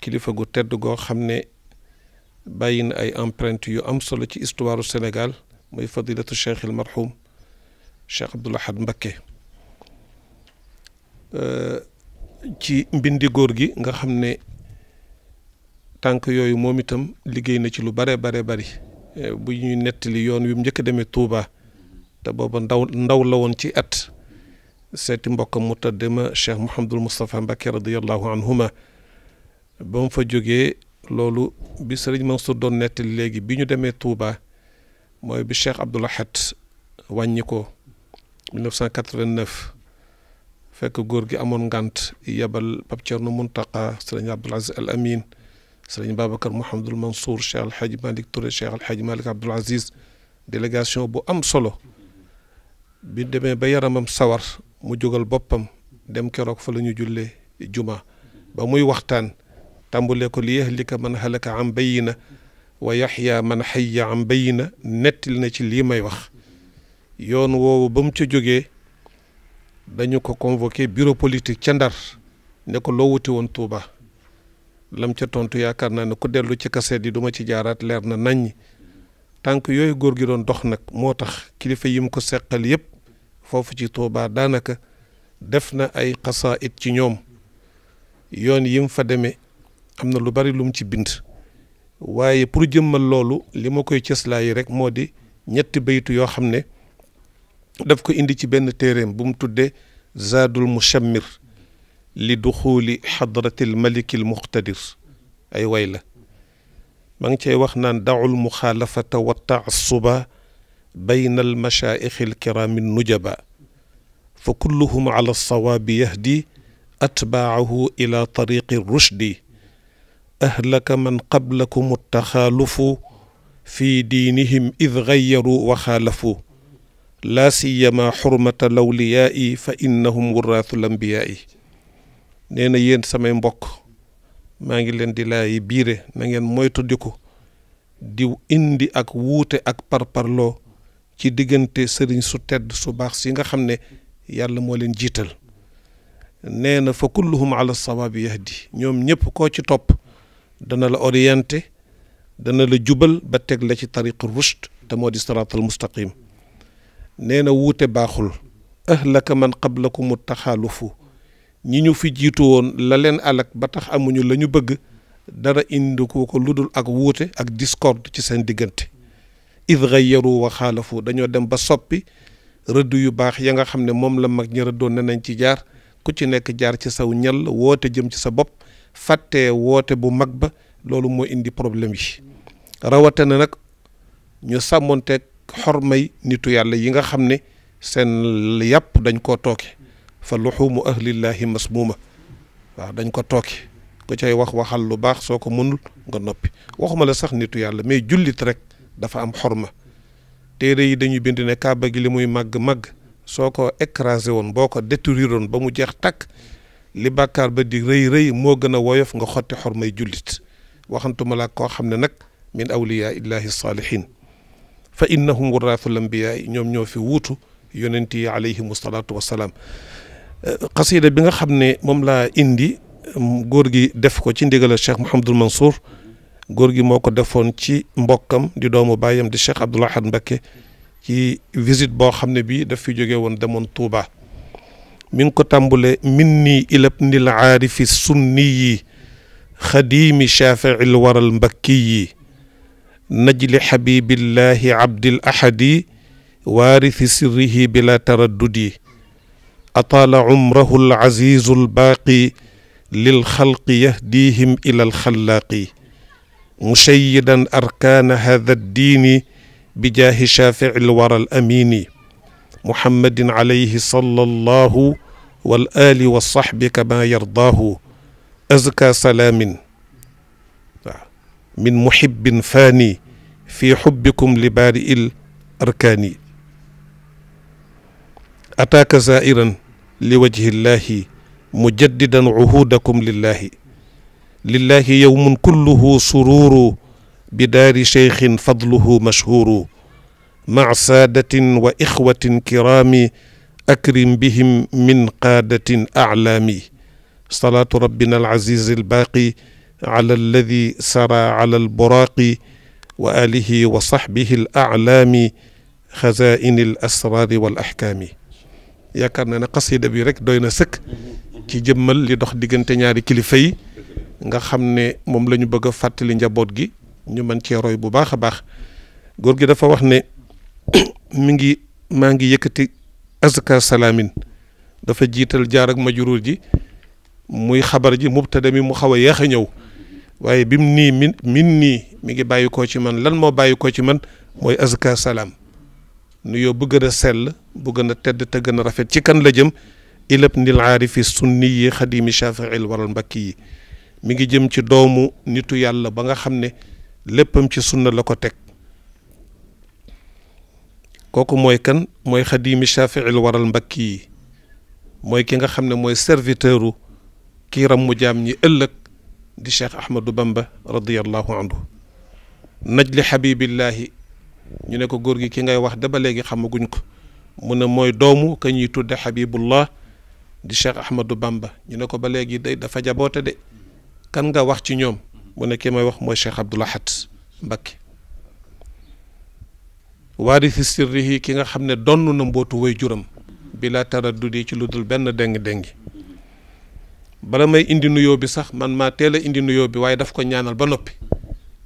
kilifa gu tedd goo xam ne bàyyi na ay empreinte yu am solo ci histoire Sénégal muy fadilatu cheikh il marhum cheikh Abdoul Ahad Mbacké euh, ci mbindi góor gi nga xam ne tànk yooyu moom itam liggéey na ci lu bare bare bari euh, bu ñuy nettali yoon wi mu njëkk a demee Touba te booba ndaw ndaw la woon ci at seeti mbokkam mu tëddema cheikh Mouhamadul Moustapha Mbacké radiallahu anhuma ba mu fa jógee loolu bi sëriñ Mansour doon nettali léegi bi ñu demee Touba mooy bi Cheikh Abdoul Ahad wàññi ko 1989 fekk góor gi amoon ngant yebal Pape Thierno Mountakha sëriñ Abdoul Aziz Al Amin sëriñ Babacar Mouhamadul Mansour Cheikh Al Hadj Malick Touré Cheikh Al Hadj Malick Abdoul Aziz délégation bu am solo bi demee ba yaramam sawar mu jógal boppam dem keroog fa la ñu jullee juma ba muy waxtaan. tàmbule ko li yahlika man halaka am bayina wa yaxya man xayya am bayina nettali na ci lii may wax yoon woowu ba mu ca jógee dañu ko convoqué bureau politique ca ndar ne ko loo wuti woon tuuba lam ca tontu yaakaar naa ne ku dellu ci kaseet yi duma ci jaaraat leer na naññ tànk yooyu góor gi doon dox nag moo tax kilifa yi mu ko seqal yépp foofu ci Touba daanaka def na ay xasaayit ci ñoom yoon yi mu fa demee am na lu bari lu mu ci bind waaye pour jëmma loolu li ma koy cëslaa yi rek moo di ñetti baytu yoo xam ne def ko indi ci benn téeréem bu mu tuddee zaadul mushammir li duxuuli xadratil way la ma ngi cay wax naan daawul muxaalafata wa taassuba bayna al mashaayixi al kiraami kulluhum ala sawaabi yahdi atbaahu ila tariqi rushdi ahlaka man qablakum attaxaalufu fi diinihim id gayyaru wa la laa siyama xurmata lawliyaa'i fa innahum wuraathul ambiyaa'i nee na yéen samay mbokk maa ngi leen di laay biire na ngeen di indi ak wuute ak parparloo ci diggante sëriñ su tedd su baax si nga xam ne yàlla moo leen jiital nee na fa kulluhum ala sawaabi yahdi ñoom ñëpp koo ci topp dana la oriente dana la jubal ba teg la ci tariq rushd te moo di siraatal mustaqim nee na wuute baaxul ahlaka man la ko qablakum taxaalufu ñi ñu fi jiitu woon la leen alak ba tax amuñu la ñu bëgg dara indi ko ko dul ak wuute ak discorde ci seen diggante id gayyaru wa xaalafu dañoo dem ba soppi rëdd yu baax ya nga xam ne moom la mag ñi rëddoon ne nañ ci jaar ku ci nekk jaar ci saw ñal woote jëm ci sa bopp fàttee woote bu mag ba loolu moo indi problème yi rawatina nag ñu sàmmonteeg may nitu yàlla yi nga xam ne seen yàpp dañ ko tooke fa luxuumu ahlillahi masmuuma waaw dañ ko tooke ku cay wax waxal lu baax soo ko mënul nga noppi waxuma la sax nitu yàlla mais jullit rek dafa am xor ma téere yi dañuy bind ne kaaba gi li muy màgg màgg soo ko écrasé woon boo ko détruire woon ba mu jeex takk li bàkkaar ba di rëy rëy moo gën a woyof nga xotti xormay jullit waxantuma laa koo xam ne nag min awliyaa illahi saalihin fa innahum waraathul ambiyaa ñoom ñoo fi wuutu yonent yi alayhimu salaatu wasalaam xasida bi nga xam ne moom laa indi góor gi def ko ci ndigalal cheikh Mouhamadul Mansour góor gi moo ko defoon ci mbokkam di doomu baayam di cheikh Abdoul Ahad Mbacké ci visite boo xam ne bii daf fi jóge woon demoon Touba. mi ngi ko tàmbule minni ilab nil aarifi sunni yi xadiimi shaafiil waral mbakki yi najli xabibillahi abdil ahadi waarithi sirrihi bila taraddudi ataala umrahu al azizu al baaqi lil xalqi yahdihim ila al xallaaqi mushayidan arkaana hada addiini bijaahi shaafiil waral amiini muhammadin alayhi sallallahu wal ali wa sahbi kama yardaahu azka salaamin waaw min muhibbin faani fi xubbikum li baari il arkaani ataaka zairan li wajhi llahi mujaddidan uhuudakum lillahi lillahi yowmun kulluhu sururu bi daari cheikhin fadluhu mashhuru maa saadatin wa ixwatin kiraami akrim bihim min qaadatin aclaami salaatu rabbina alazizi albaaqi ala alladi sara ala alburaaqi wa alihi wa saxbihi alaclaami xazaini al asraari wal axkaami yaakaar naa ne xasida bi rek doy na sëkk ci jëmmal li dox diggante ñaari kilifa yi nga xam ne moom la ñu bëgg a fàttali njaboot gi ñu mën cee roy bu baax a baax góor gi dafa wax ne mi ngi maa ngi yëkkati azka salaamin dafa jiital jaar ak majurur ji muy xabar ji mubtada mi mu xaw a yéex a ñëw waaye bim nii min min nii mi ngi bàyyi koo ci man lan moo bàyyi koo ci man mooy azka salaam nuyoo bu gën a sell bu gën a tedd te gën a rafet ci kan la jëm ilab nil aarifi sunni yi xadimi shafiil waral mbakki yi mi ngi jëm ci doomu nitu yàlla ba nga xam ne léppam ci sunna la ko teg kooku mooy kan mooy xadiimi shafiil waral mbakki yi mooy ki nga xam ne mooy serviteuru kii ram mu jaam ñi ëllëg di cheikh ahmadou bamba radiallahu anhu najli xabibillaahi ñu ne ko góor gi ki ngay wax da ba léegi xamaguñ ko mu ne mooy doomu ka ñuy tudde xabibullah di cheikh ahmadou bamba ñu ne ko ba léegi dafa jaboote de kan nga wax ci ñoom mu ne ki may wax mooy cheikh abdoul ahad mbakke waarisi yi ki nga xam ne donn na mbootu way juram bila dee ci lu dul benn déng-déngi bala may indi nuyoo bi sax man maa teel a indi nuyoo bi waaye daf ko ñaanal ba noppi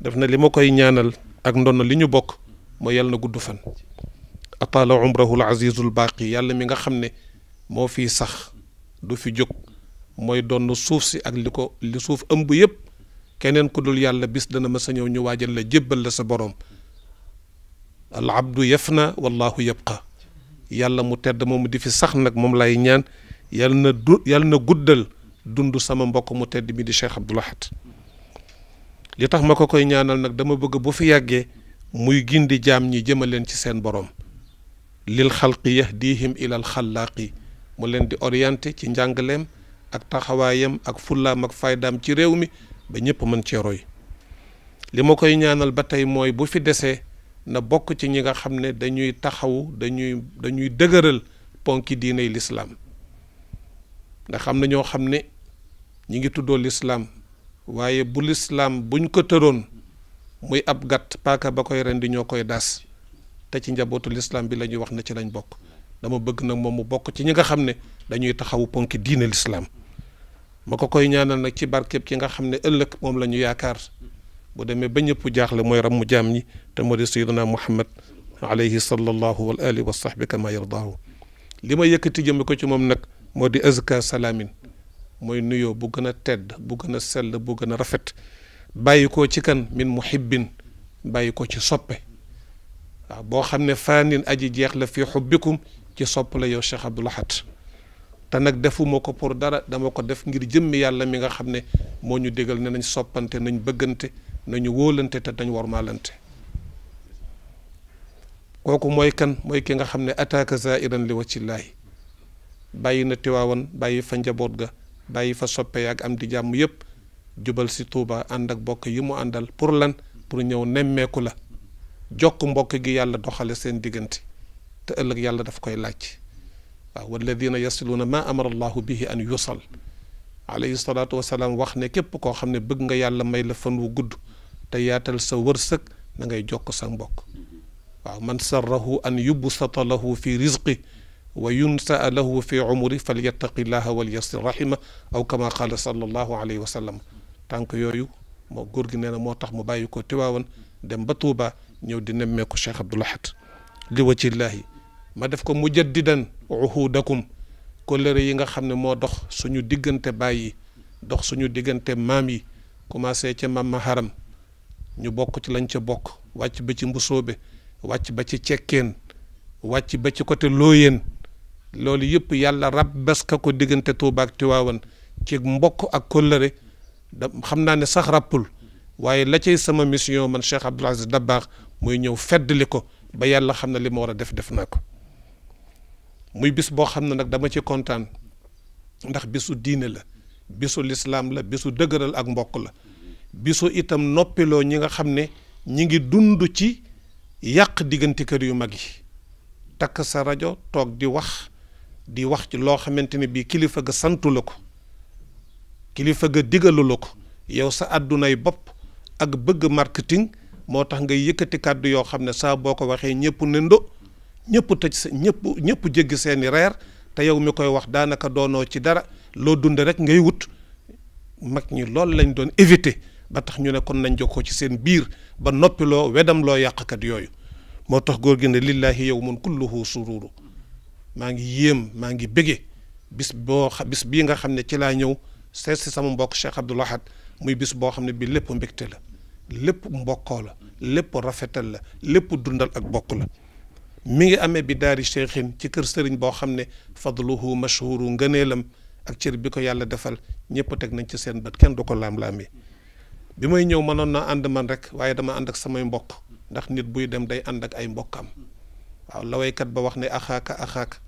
def na li ma koy ñaanal ak ndonn li ñu bokk moo yàlla na gudd fan atala umrahul azizul baaqi yàlla mi nga xam ne moo fiy sax du fi jóg mooy donn suuf si ak li ko li suuf ëmb yépp keneen ku dul yàlla bis dana ma sa ñëw ñu waajal la jébbal la sa boroom al abdu yafna wallahu yabqa yàlla mu tedd moomu di fi sax nag moom lay ñaan yàlla na du yàlla na guddal dund sama mbokk mu tedd mi di Cheikh Abdoul Ahad li tax ma ko koy ñaanal nag dama bëgg bu fi yàggee muy gindi jaam ñi jëmaleen ci seen borom lil xalqi yahdihim ilal xallaaqi mu leen di orienté ci njàngaleem ak taxawaayam ak fullaam ak faydaam ci réew mi ba ñëpp mën cee li ma koy ñaanal ba tey mooy bu fi desee na bokk ci ñi nga xam ne dañuy taxawu dañuy dañuy dëgëral ponki diiney lislaam ndax xam na ñoo xam ne ñi ngi tuddoo lislaam waaye bu lislaam buñ ko tëroon muy ab gàtt paaka ba koy di ñoo koy daas te ci njabootu lislaam bi la ñuy wax na ci lañ bokk dama bëgg nag moom mu bokk ci ñi nga xam ne dañuy taxawu ponki diine lislaam ma ko koy ñaanal nag ci barkeb ki nga xam ne ëllëg moom la ñu yaakaar bu demee ba ñëpp jaaxle mooy ram mu jaam ñi te moo di sayyiduna muhammad alayhi sallallahu wa alihi wa sahbi kama yardaahu li ma yëkkati jëme ko ci moom nag moo di azka salaamin mooy nuyoo bu gën a tedd bu gën a sell bu gën a rafet bàyyi ko ci kan min muhibbin bàyyi ko ci soppe waaw boo xam ne faanin aji jeex la fii xubbikum ci sopp la yow Cheikh Abdoul Ahad te nag defuma ko pour dara dama ko def ngir jëmmi yàlla mi nga xam ne moo ñu dégal ne nañ soppante nañ bëggante nañu wóolante te dañ nañu warmaalante kooku mooy kan mooy ki nga xam ne attaque zairan li waccillaay bàyyi na tiwaawan bàyyi fa njaboot ga bàyyi fa soppe ak am di jàmm yépp jubal si Touba ànd ak mbokk yi mu àndal pour lan pour ñëw nemmeeku la jokk mbokk gi yàlla doxale seen diggante te ëllëg yàlla daf koy laaj waaw walladina yasiluuna ma amara allahu bihi an yusal alayhi salaatu wasalaam wax ne képp koo xam ne bëgg nga yàlla may la fan wu gudd te yaatal sa wërsëg na ngay jokk sa mbokk waaw man sarrahu an yubsata lahu fi rizqi wa yunsaa lahu fi umri fal yattaqi llaha wal yasir rahima aw kama qaala sallallahu alayhi wa sallam tànk yooyu moo góor gi nee na moo tax mu bàyyi ko Tiwaawan dem ba Tuuba ñëw di nemmeeku Cheikh Abdoul Ahad li wajhillaahi ma def ko mujaddidan uhudakum kóllëre yi nga xam ne moo dox suñu diggante baay yi dox suñu diggante maam yi commencé ca mam haram ñu bokk ci lañ ca bokk wàcc ba ci mbusoobe wàcc ba ci cekkeen wàcc ba ci côté looyeen loolu yëpp yàlla rab bes ko diggante Tuuba ak Tiwaawan ci mbokk ak kóllëre da xam naa ne sax rappul waaye la cay sama mission man Cheikh Abdoul Aziz baax muy ñëw feddli ko ba yàlla xam na li ma war a def def naa ko muy bis boo xam ne nag dama ci kontaan ndax bisu diine la bisu lislaam la bisu dëgëral ak mbokk la bisu itam noppiloo ñi nga xam ne ñi ngi dund ci yàq diggante kër yu mag yi takk sa rajo toog di wax di wax ci loo xamante ne bii kilifa ga santu la ko kilifa ga digalu la ko yow sa àdduna yi bopp ak bëgg marketing moo tax ngay yëkkati kàddu yoo xam ne saa boo ko waxee ñëpp nëndo ñëpp tëj sa ñëpp ñëpp jéggi seeni reer te yow mi koy wax daanaka doonoo ci dara loo dund rek ngay wut mag ñi loolu lañ doon éviter ba tax ñu ne kon nañ jokkoo ci seen biir ba noppiloo wedam loo yàqkat yooyu moo tax góor gi ne lillaahi yow mun kulluhu sururu maa ngi yéem maa ngi bége bis boo bis bii nga xam ne ci laa ñëw seet si sama mbokk Cheikh Abdoul Ahad muy bis boo xam ne bi lépp mbégte la lépp mbokkoo la lépp rafetal la lépp dundal ak bokk la mi ngi amee bi daari cheikhin ci kër sëriñ boo xam ne fadluhu mashhuru ngëneelam ak cër bi ko yàlla defal ñëpp teg nañ ci seen bët du ko laam-laamee bi may ñëw manoon naa ànd man rek waaye dama ànd ak samay mbokk ndax nit buy dem day ànd ak ay mbokkam waaw la waykat ba wax ne axaaka axaaka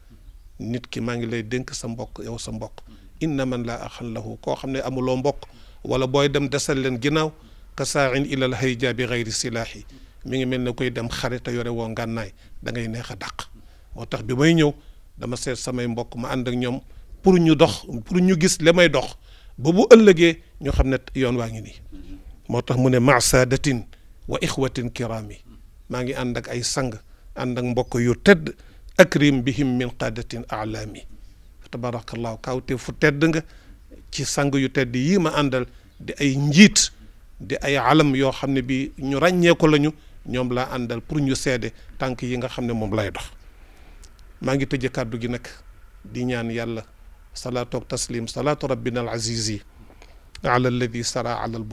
nit ki maa ngi lay dénk sa mbokk yow sa mbokk na man laa axan lahu koo xam ne amuloo mbokk wala booy dem desal leen ginnaaw ka saarin ilal hayja bi gayri silaahi mi ngi mel ne koy dem xare te yore woo ngànnaay da ngay neex a dàq moo tax bi may ñëw dama seet samay mbokk ma ànd ak ñoom pour ñu dox pour ñu gis li may dox ba ëllëgee ñu xam ne yoon waa ngi nii moo tax mu ne masaadatin wa ixwatin kiraami maa ngi ànd ak ay sang ànd ak mbokk yu tedd akrim bihim min qaadatin alaami tabarakallahu kawte fu tedd nga ci sang yu tedd yii ma àndal di ay njiit di ay alam yoo xam ne bi ñu ràññeeku lañu ñoom laa àndal pour ñu seede tànk yi nga xam ne moom lay dox maa ngi tëje kàddu gi nag di ñaan yàlla salaatu taslim salaatu rabbina al aziz yi ala alladi sara ala al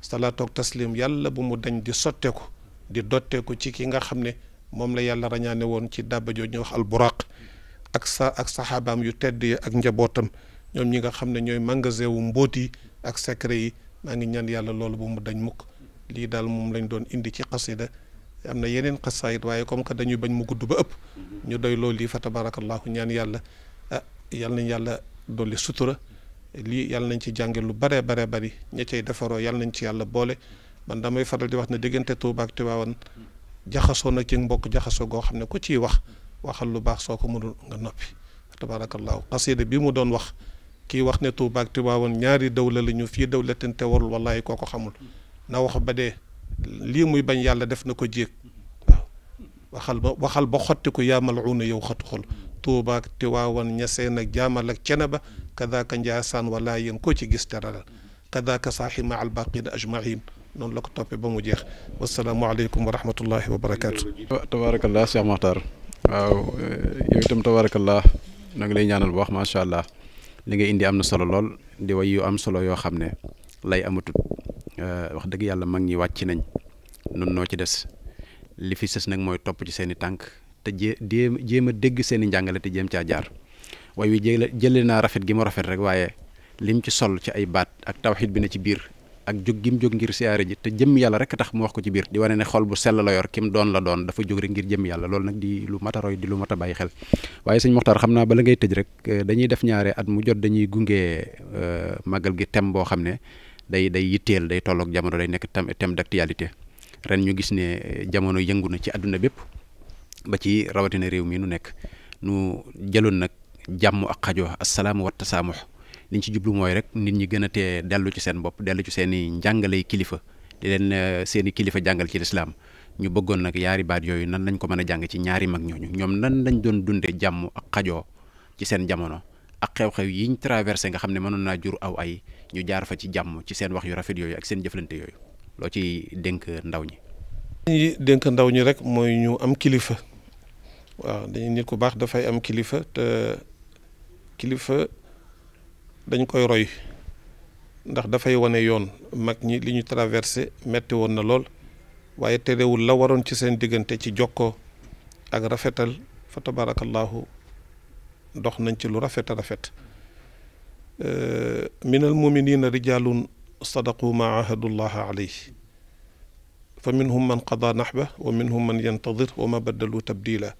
salaatoog taslim yàlla bu mu dañ di sotteeku di dotteeku ci ki nga xam ne moom la yàlla rañaane woon ci dàbba jooju ñuy wax alburaq ak sa ak saxaabaam yu tedd yi ak njabootam ñoom ñi nga xam ne ñooy magasin wu mbóot yi ak secret yi maa ngi ñaan yàlla loolu bu mu dañ mukk lii daal moom lañ doon indi ci xasida am na yeneen xasaayit waaye comme que dañuy bañ mu gudd ba ëpp ñu doy loolu lii fa tabarakallahu ñaan yàlla ah yàlla nañ yàlla dolli sutura lii yàlla nañ ci jànge lu baree baree bari ña cay defaroo yàlla nañ ci yàlla boole man damay faral di wax na diggante Tuuba ak Tiwaawan jaxasoo na ci mbokk jaxasoo goo xam ne ku ciy wax waxal lu baax soo ko mënul nga noppi tabaarakallaahu xasida bi mu doon wax kii wax ne Tuuba ak Tiwaawan ñaari dawla la ñu fii dawlatin te warul koo ko xamul na wax ba lii muy bañ yàlla def na ko jéeg waxal ba waxal ba xotti ko yaamal uuna yow xatu xol Tuuba jaamal ak cene ba kadaka njaasaan walla yéen koo ci gis teralal kadaka saaxi ma al baqina ajmain noonu la ko toppee ba mu jeex wasalaamualeykum wa rahmatullahi wa barakaatu. tabaarakallah Cheikh Makhtar waaw eh, yow itam tabaarakallah na ngi lay ñaanal bu wax macha allah li nga indi am na solo lool di way yu am solo yoo xam ne lay amatut eh, wax dëgg yàlla mag ñi wàcc nañ nun noo ci des li fi sës nag mooy topp ci seen i tànk te jée jéem a dégg seen i njàngale te jéem caa jaar. way wi jële jële naa rafet gi mu rafet rek waaye lim ci sol ci ay baat ak tawxid bi ne ci biir ak jóg gi mu jóg ngir siyaare ji te jëm yàlla rek a tax mu wax ko ci biir di wane ne xol bu sell la yor kim doon la doon dafa jóg rek ngir jëm yàlla loolu nag di lu mat di lu mat a xel waaye sañ Moxtaar xam naa bala ngay tëj rek eh, dañuy def ñaare at mu jot dañuy gunge eh, màggal gi thème boo xam ne day day yitteel day tolloog jamono day nekk thème d'actualité ren ñu gis ne eh, jamono yëngu na ci àdduna bépp ba ci rawatina réew mi nu nekk nu jëloon nag jàmm ak xajoo assalaamu wa tasaamux liñ ci jublu mooy rek nit ñi gën a tee dellu ci seen bopp dellu ci seen i njàngaley kilifa di leen eh, seen i kilifa jàngal ci lislaam ñu bëggoon nag yaari baat yooyu nan lañ ko mën a jàng ci ñaari mag ñooñu ñoom nan lañ doon dundee jàmm ak xajoo ci seen jamono ak xew-xew yiñ traversé nga xam ne mënoon naa jur aw ay ñu jaar fa ci jàmm ci seen wax yu rafet yooyu ak seen jëflante yooyu loo ci dénk ndaw ñi. dañuy dénk ndaw ñi rek mooy ñu am kilifa waaw dañuy nit ku baax dafay am kilifa te kilifa dañ koy roy ndax dafay wone yoon mag ñi li ñu traversé metti woon na lool waaye terewul la waroon ci seen diggante ci jokkoo ak rafetal fa tabaarakallaahu dox nañ ci lu rafet a rafet minal muminina rijalun sadaqu ma ahadullaha alayh fa minhum man qada nahba wa minhum man yantadir wa ma baddalu tabdila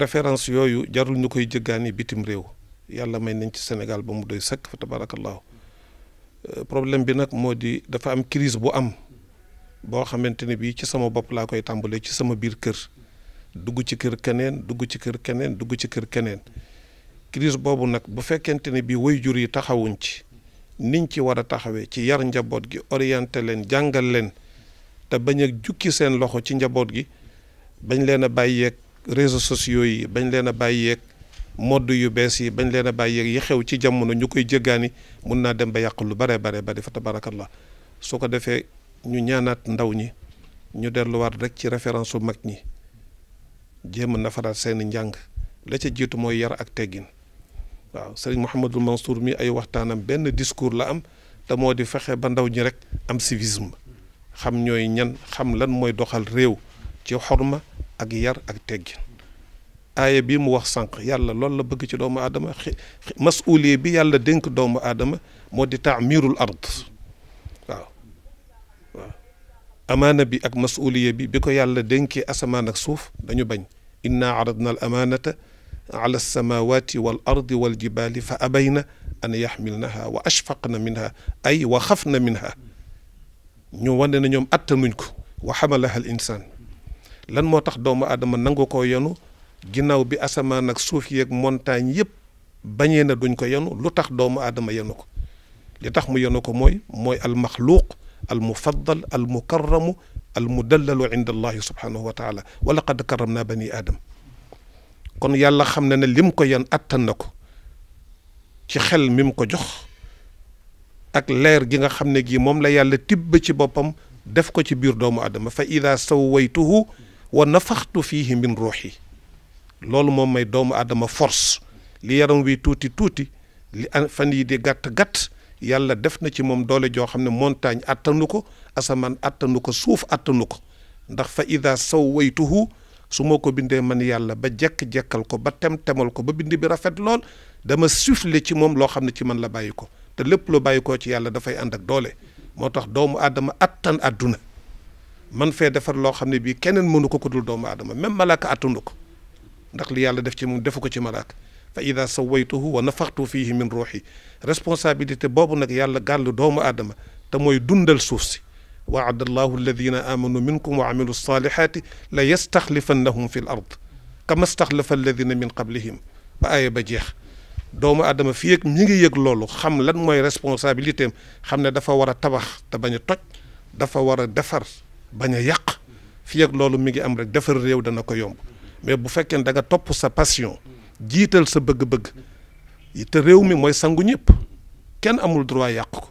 référence yooyu jarul ñu koy jëggaani bitim réew yàlla may nañ ci Sénégal ba mu doy sëkk fa tabaarakallaahu euh, problème bi nag moo di dafa am crise bu am boo xamante ne bii ci sama bopp laa koy tàmbalee ci sama biir kër dugg ci kër keneen dugg ci kër keneen dugg ci kër keneen crise boobu nag bu fekkente ne bii jur yi taxawuñ ci niñ ci war a taxawee ci yar njaboot gi orienté leen jàngal leen te bañ a jukki seen loxo ci njaboot gi bañ leen a bàyyeeg réseaux sociaux yi bañ leen a bàyyeeg modd yu bees yi bañ leen a bàyyi yi xew ci jamono ñu koy jéggaani mun naa dem ba yàq lu bare bare bari fa la soo ko defee ñu ñaanaat ndaw ñi ñu delluwaat rek ci référence su mag ñi jéem a nafaraat seen njàng la ca jiitu mooy yar ak teggin waaw sëriñ Mouhamadul Mansour mi ay waxtaanam benn discours la am te moo di fexe ba ndaw ñi rek am civisme xam ñooy ñan xam lan mooy doxal réew ci xorma ak yar ak teggin aaya bii mu wax sànq yàlla loolu la bëgg ci doomu aadama masuuliye bi yàlla dénk doomu aadama moo di taamirul ard waaw amaana bi ak masuuliye bi bi ko yàlla dénkee asamaan ak suuf dañu bañ inna aradna al amaanata ala alsamawati wal ardi wal jibaali fa abayna an yaxmilnaha wa ashfaqna minha ay wa xafna minha ñu wane na ñoom attanuñ ko wa xamalaha insaan lan moo tax doomu aadama nangu ko yenu ginnaaw bi asamaan ak suuf yeeg montagne yëpp bañee na duñ ko yenu lu tax doomu aadama yenu ko li tax mu yenu ko mooy mooy al maxluuq al mufaddal al mukarramu al mudallalu inda allahi subhanahu wa taala wa laqad karram naa bani aadam kon yàlla xam na ne lim ko yan attan ko ci xel mi ko jox ak leer gi nga xam ne gii moom la yàlla tibb ci boppam def ko ci biir doomu aadama fa ida sawwaytuhu wa nafaxtu fiihi min ruuxi loolu moom may doomu aadama force li yaram wi tuuti tuuti li fan yi di gàtt gàtt yàlla def na ci moom doole joo xam ne montagne attanu ko asamaan attanu ko suuf attanu ko ndax fa ida saw waytuhu su ma ko bindee man yàlla ba jekk-jekkal ko ba tem-temal ko ba bind bi rafet lool dama souffler ci moom loo xam ne ci man la bàyyi ko te lépp lu bàyyi koo ci yàlla dafay ànd ak doole moo tax doomu aadama attan àdduna man fee defar loo xam ne bii keneen mënu ko ko dul doomu aadama même malaaka attanu ko ndax li yàlla def ci moom defu ko ci malaaka fa ida sawaytuhu wa nafaxtu fihi min ruuxi responsabilité boobu nag yàlla gàll doomu aadama te mooy dundal suuf si waada allahu alladina amanu minkum wa amilu salihaati la yastaxlifannahum fi l ard kama staxlafa alladina min qablihim ba aaya ba jeex doomu aadama fii ak mi ngi yëg loolu xam lan mooy responsabilité xam ne dafa war a tabax te bañ a toj dafa war a defar bañ a yàq fii ak loolu mi ngi am rek defar réew dana ko yomb mais bu fekkee ne topp sa passion jiital sa bëgg-bëgg te réew mi mooy sangu ñëpp kenn amul droit yàq ko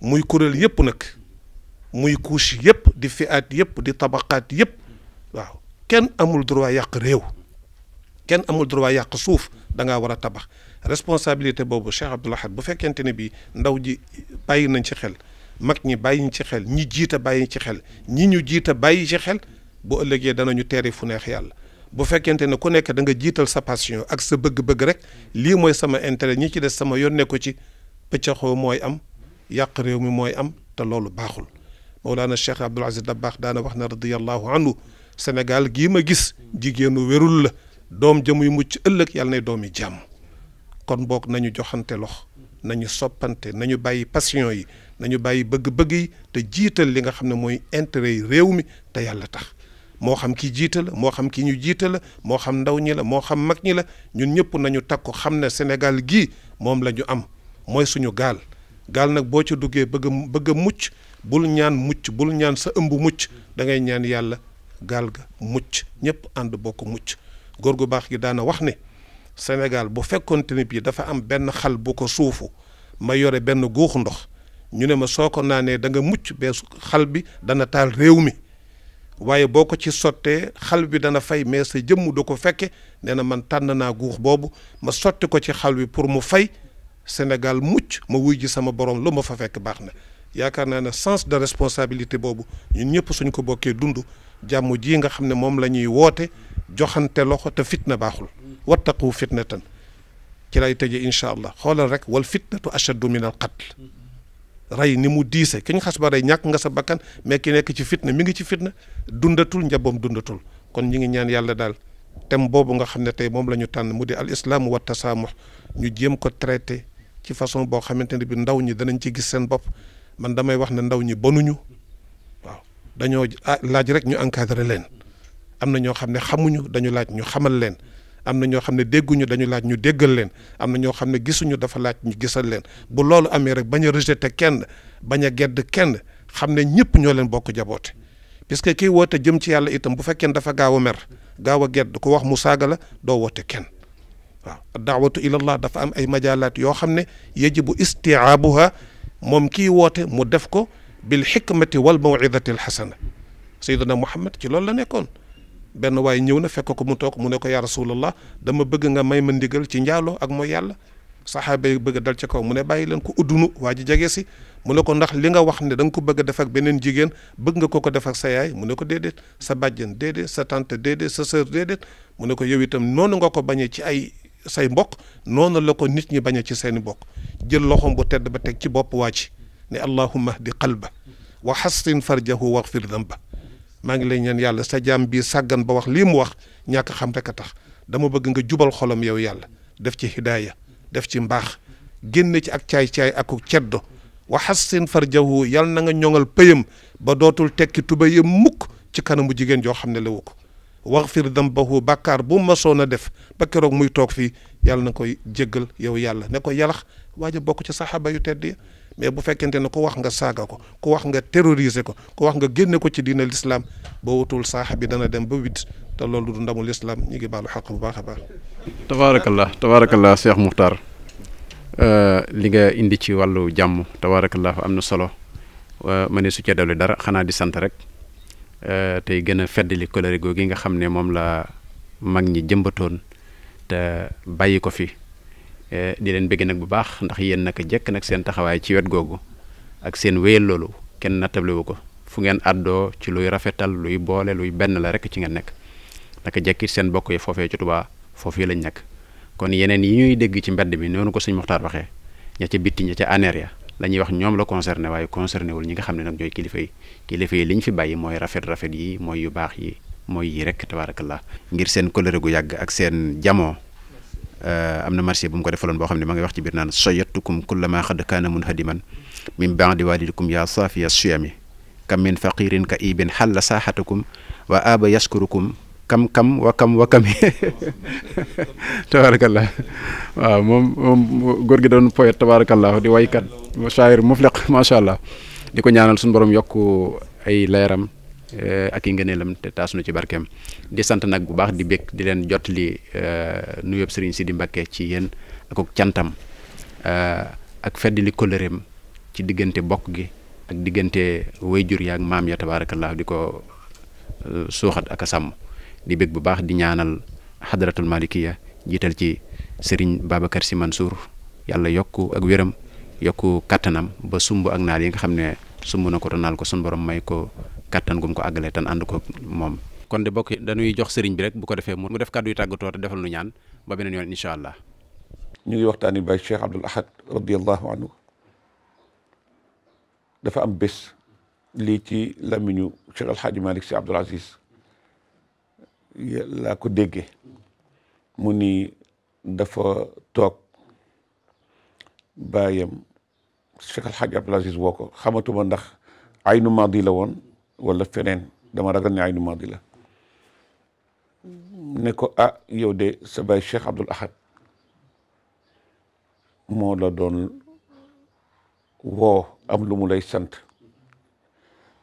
muy kuréel yëpp nag muy couche yëpp di fiaat yëpp di tabaqaat yëpp waaw kenn amul droit yàq réew kenn amul droit yàq suuf da ngaa war a tabax responsabilité boobu Cheikh Abdoul Ahad bu fekkente ne bi ndaw ji bàyyi nañ ci xel mag ñi bàyyi ci xel ñi jiita bàyyi ci xel ñi ñu jiite bàyyi ci xel bu ëllëgee danañu teer fu neex yàlla bu fekkente ne ku nekk danga jiital sa passion ak sa bëgg-bëgg rek lii mooy sama intérêt ñi ci des sama yónne ko ci pëccaxoo mooy am yàq réew mi mooy am te loolu baaxul Mawlana Cheikh Abdoul Aziz Dabakh daana wax na radiyallahu anhu Sénégal gi ma gis jigéenu wérul la doom jëmuy mucc ëllëg yàlla nay doom yi jàmm kon boog nañu joxante lox nañu soppante nañu bàyyi passion yi nañu bàyyi bëgg-bëgg yi te jiital li nga xam ne mooy intérêt yi réew mi te yàlla tax moo xam ki jiita la moo xam ki ñu jiita la moo xam ndaw ñi la moo xam mag ñi la ñun ñëpp nañu takku xam ne Sénégal gii moom la ñu am mooy suñu gaal gaal nag boo ci duggee bëgg bëgg mucc bul ñaan mucc bul ñaan sa ëmb mucc da ngay ñaan yàlla gaal ga mucc ñëpp ànd bokk mucc góor gu baax gi daana wax ni Sénégal bu fekkonte ni bii dafa am benn xal bu ko suufu ma yore benn guuxu ndox ñu ne ma soo ko naanee da nga mucc bee xal bi dana taal réew mi waaye boo ko ci sottee xal bi dana fay mais sa jëmm du ko fekke nee na man tànn naa guux boobu ma sotti ko ci xal bi pour mu fay Sénégal mucc ma wuy ji sama borom lu ma fa fekk baax na yaakaar naa ne sens de responsabilité boobu ñun ñëpp suñ ko bokkee dund jàmm ji nga xam ne moom la ñuy woote joxante loxo te fitna baaxul wattaqu fitnatan ci lay tëjee incha allah xoolal rek wal fitnatu ashaddu min al qatl rey ni mu diise keñ xas ba rey ñàkk nga sa bakkan mais ki nekk ci fitna mu ngi ci fitna dundatul njaboom dundatul kon ñu ngi ñaan yàlla daal thème boobu nga xam ne tey moom la ñu tànn mu di al islam wa tasaamuh ñu jéem ko traité ci façon boo xamante ne bi ndaw ñi danañ ci gis seen bopp man damay wax ne ndaw ñi banuñu waaw dañoo ah, laaj rek ñu encadré leen am na ñoo xam ne xamuñu dañu laaj ñu xamal leen am na ñoo xam ne dégguñu dañu laaj ñu déggal leen am na ñoo xam ne gisuñu dafa laaj ñu gisal leen bu loolu amee rek bañ a rejeter kenn bañ a gedd kenn xam ne ñëpp ñoo leen bokk jaboote puisque kii woote jëm ci yàlla itam bu fekkee dafa gaaw a mer gaaw a gedd ko wax mu saaga la doo woote kenn waaw daawatu ilallah dafa am ay majaalaat yoo xam ne yajibu istiaabuha moom kii woote mu def ko bil xikmati wal mawidati al xasana sayyidina muhammad ci loolu la nekkoon benn waaye ñëw na fekk ko mu toog mu ne ko yaa rasulallah dama bëgg nga may ma ndigal ci njaaloo ak moo yàlla saxaaba yi bëgg dal ci kaw mu ne bàyyi leen ko uddunu waa ji jege si mu ne ko ndax li nga wax ne da nga ko bëgg a def beneen jigéen bëgg nga ko ko defak sa yaay mu ne ko déedéet sa bàjjen déedéet sa tante déedéet sa sœur déedéet mu ne ko yow itam noonu nga ko bañee ci ay say mbokk noonu la ko nit ñi bañee ci seeni mbokk jël loxoom bu tedd ba teg ci bopp waa ci ne allahumma hdi qalba wa hassin farjahu waghfir dhanba maa ngi lay ñaan yàlla sa jaam bii sàggan ba wax lii mu wax ñàkk xam rek a tax dama bëgg nga jubal xolam yow yàlla def ci hidaaya def ci mbaax génne ci ak caay-caay aku ceddo wa hassin farjahu yàlla na nga ñoŋal pëyam ba dootul tekki tubéy tubayam mukk ci kanamu jigéen joo xam ne lewu ko wax waxfir dambahu bàkkaar bu masoon a def ba keroog muy toog fii yàlla na koy jéggal yow yàlla ne ko yalax waaj a bokk ci saxaaba yu tedd ya mais bu fekkente ne ku wax nga saaga ko ku wax nga terroriser ko ku wax nga génne ko ci dina lislaam ba wutul saaxa bi dana dem ba wit te loolu du ndamu lislaam ñu baalu xaq bu baax a baax. tabaarakallah tabaarakallah Cheikh Muxtaar euh, li nga indi ci wàllu jàmm tabaarakallah am na solo ma su ca dawle dara xanaa di sant rek euh, tey gën a feddali coloré googu gi nga xam ne moom la mag ñi jëmbatoon te bàyyi ko fi. Eh, di leen bëgg nag bu baax ndax yéen naka jekk nag seen taxawaay ci wet googu ak seen wéyal loolu kenn nattable ko fu ngeen àddoo ci luy rafetal luy boole luy benn la rek ci ngeen nekk naka jekkit seen bokk yi foofee ci Tuubaa yi lañ nekk kon yeneen yi ñuy dégg ci mbedd bi noonu ko suñ Muxtaar waxee ña ca bitti ña ca aneer ya la ñuy wax ñoom la concerné waaye concerné wul ñi nga xam ne nag ñooy kilifa yi kilifa yi li ñu fi bàyyi mooy rafet-rafet yi mooy yu yi mooy yi rek tabarakallah ngir seen kóllëre gu yàgg ak seen jamoo am na marché bu mu ko defaloon boo xam ne ma ngi wax ci biir naan soyatukum kullama xad kaana munhadiman min baadi waalidikum yaa saafiya suyami kam min faqirin ka ibin xalla saaxatakum wa aba yaskurukum kam kam wa kam wa kami tabarakallah moom moom góor gi doon poète tabarakallah di waykat shaayir mufliq macha allah di ko ñaanal suñu borom yokk ay leeram Euh, ak i ngëneelam te taas nu ci barkeem di sant nag bu baax di bég di leen jot li euh, nuyoob Serigne di Mbacké ci yéen akuk cantam euh, ak fedd li kóllëreem ci diggante bokk gi ak diggante wayjur jur ak maam ya tabaarakallah di ko suuxat ak a sàmm di bég bu baax di ñaanal xadratul malikiya jiital ci Serigne Babacar Sy Mansour yàlla yokk ak wéram yokk kattanam ba sumb ak naal yi nga xam ne sumb na ko te naal ko sun borom may ko kattan gum ko àggale tan ànd ko moom kon de bokk dañuy jox sëriñ bi rek bu ko defee mu def kàddu yu tàggatoo defal nu ñaan ba beneen yoon incha allah ñu ngi waxtaani bay Cheikh Abdoul Ahad radiallahu anhu dafa am bés lii ci lamiñu Cheikh Alhaaji Malick Si Abdoul Aziz laa ko déggee mu ni dafa toog baayam Cheikh Alhaaji Abdoul Aziz woo ko xamatuma ndax aynu maadi la woon wala feneen dama ragal ne ay nu maadi la ne ko a ah, yow de sa baay Cheikh Abdoul Ahad moo la doon woo am lu lay sant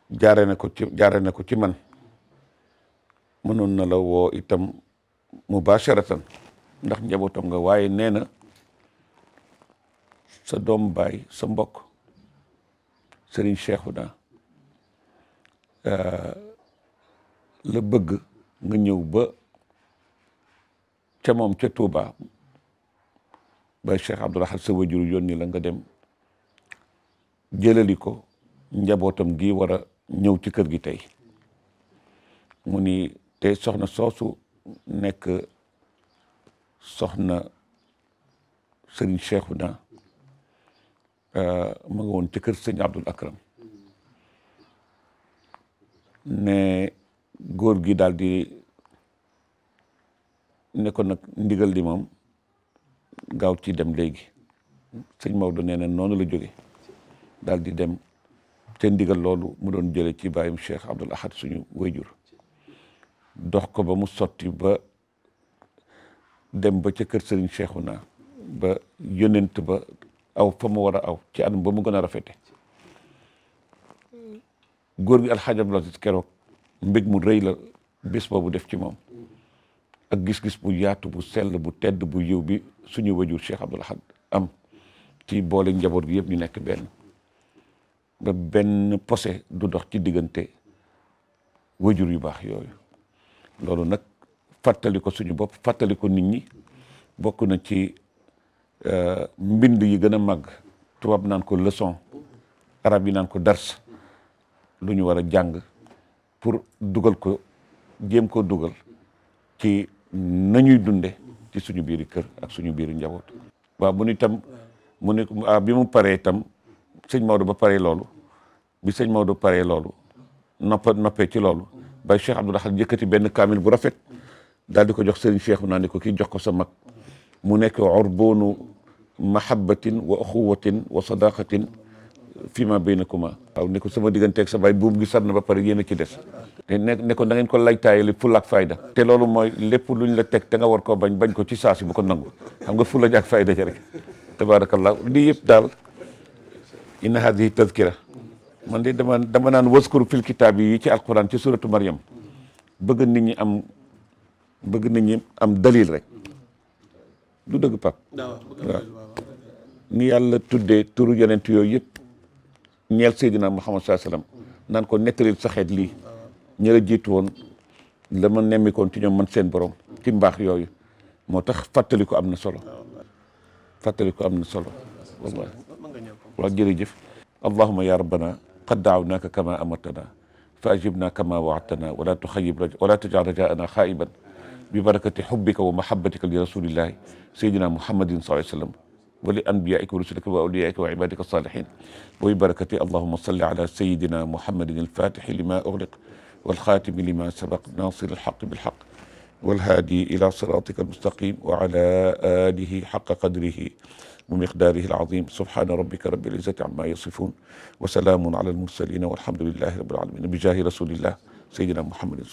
jaare na ko ci jaare na ko ci man mënoon na la woo itam mubasharatan ndax njabootam nga waaye nee na sa doom baay sa mbokk Serigne Cheikhouna Euh, la bëgg nga ñëw ba ca moom ca Touba ba Cheikh Abdoul Ahad sa wajur yónni la nga dem jëlali ko njabootam gi war a ñëw ci kër gi tey mu ni tey soxna soosu nekk soxna Serigne Cheikhouna euh, ma nga woon ci kër sëñ Abdoul ne góor gi daal ne ko nag ndigal li moom gaaw ci dem léegi sëñ Maodo nee na noonu la jóge daal di dem te ndigal loolu mu doon jële ci bàyyam Cheikh Abdoul Ahad suñu wayjur dox ko ba mu sotti ba dem ba ca kër Serigne Cheikhouna ba yónent ba aw fa mu war aw ci anam ba mu gën a rafete góor gi alxaaj Abdul ci keroog mbég mu rëy la bés boobu def ci moom ak gis-gis bu yaatu bu sell bu tedd bu yiw bi suñu wajur Cheikh Abdoul Ahad am ci boole njaboot gi yëpp ñu nekk benn ba benn pose du dox ci diggante wajur yu baax yooyu loolu nag fàttali ko suñu bopp fàttali ko nit ñi bokk na ci euh, mbind yi gën a màgg tubaab naan ko leçon arab yi naan ko dars lu ñu war a jàng pour dugal ko jéem koo dugal ci nañuy dunde ci suñu biiri kër ak suñu biiri njaboot waaw bu ni tam mu ni ah, bi mu paree tam sëñ Maodo ba paree loolu bi sëñ Maodo paree loolu noppa noppee ci loolu bay Cheikh Abdou Lahad yëkkati benn kaamil bu rafet daal di ko jox sëriñ Cheikh naa ne ko kii jox ko sa mag mu nekk orboonu mahabbatin wa axuwatin wa sadaqatin fii ma béy na ko ma waaw ne ko sama digganteeg sa baay buum gi sar na ba pare yéen a ci des te ne ne ko da ngeen ko laytaayali fulla ak fayda te loolu mooy lépp lu ñu la teg te nga war ko bañ bañ ko ci saasi bu ko nangu xam nga fulla ak fayda ci rek tabaarakallah lii yëpp daal inna hadihi tazkira man de dama dama naan waskur fil kitaab yi ci alquran ci suratu Maryam bëgg nit ñi am bëgg nit ñi am dalil rek du dëgg pap waaw ni yàlla tuddee turu yonent yooyu yëpp ñeel Seydina Muhammad sallallahu alayhi wasallam naan ko nettalil sa xeet lii ñi la jiitu woon la ma nemmikoon ci ñoom man seen borom ci mbaax yooyu moo tax fàttali ko am na solo fàttali ko am na solo wallahi waaw jërëjëf allahuma ya rabbana qad daawnaka kama amartana fa ajibna kama waadtana wala tuxayib wala tajal rajaana xaayiban bi barakati xubbika wa mahabatika li rasulillahi sayidina muhammadin sallallahu alayhi wa sallam wa li anbiyaika wa rusulika wa awliyaika wa ibadika salihin wa bi barakati allahuma salli ala sayidina muhammadin alfatixi lima uxliq walxaatimi lima sabaq nasir alxaq bilxaq walhaadi ila siratika almustaqim wa ala alihi xaqa qadrihi wa miqdaarihi alazim subhana rabbika rabbil izzati amma yasifun wa salaamun ala almursalina walhamdulilahi rabbil alamin bijaahi rasulillah sayidina muhammadin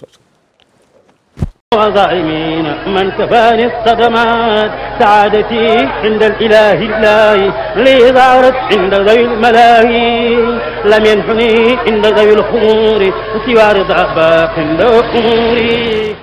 وظالمين من كفاني الصدمات سعادتي عند الإله الله لي ظهرت عند ذوي الملاهي لم ينحني عند ذوي الخمور سوى رضا باق أموري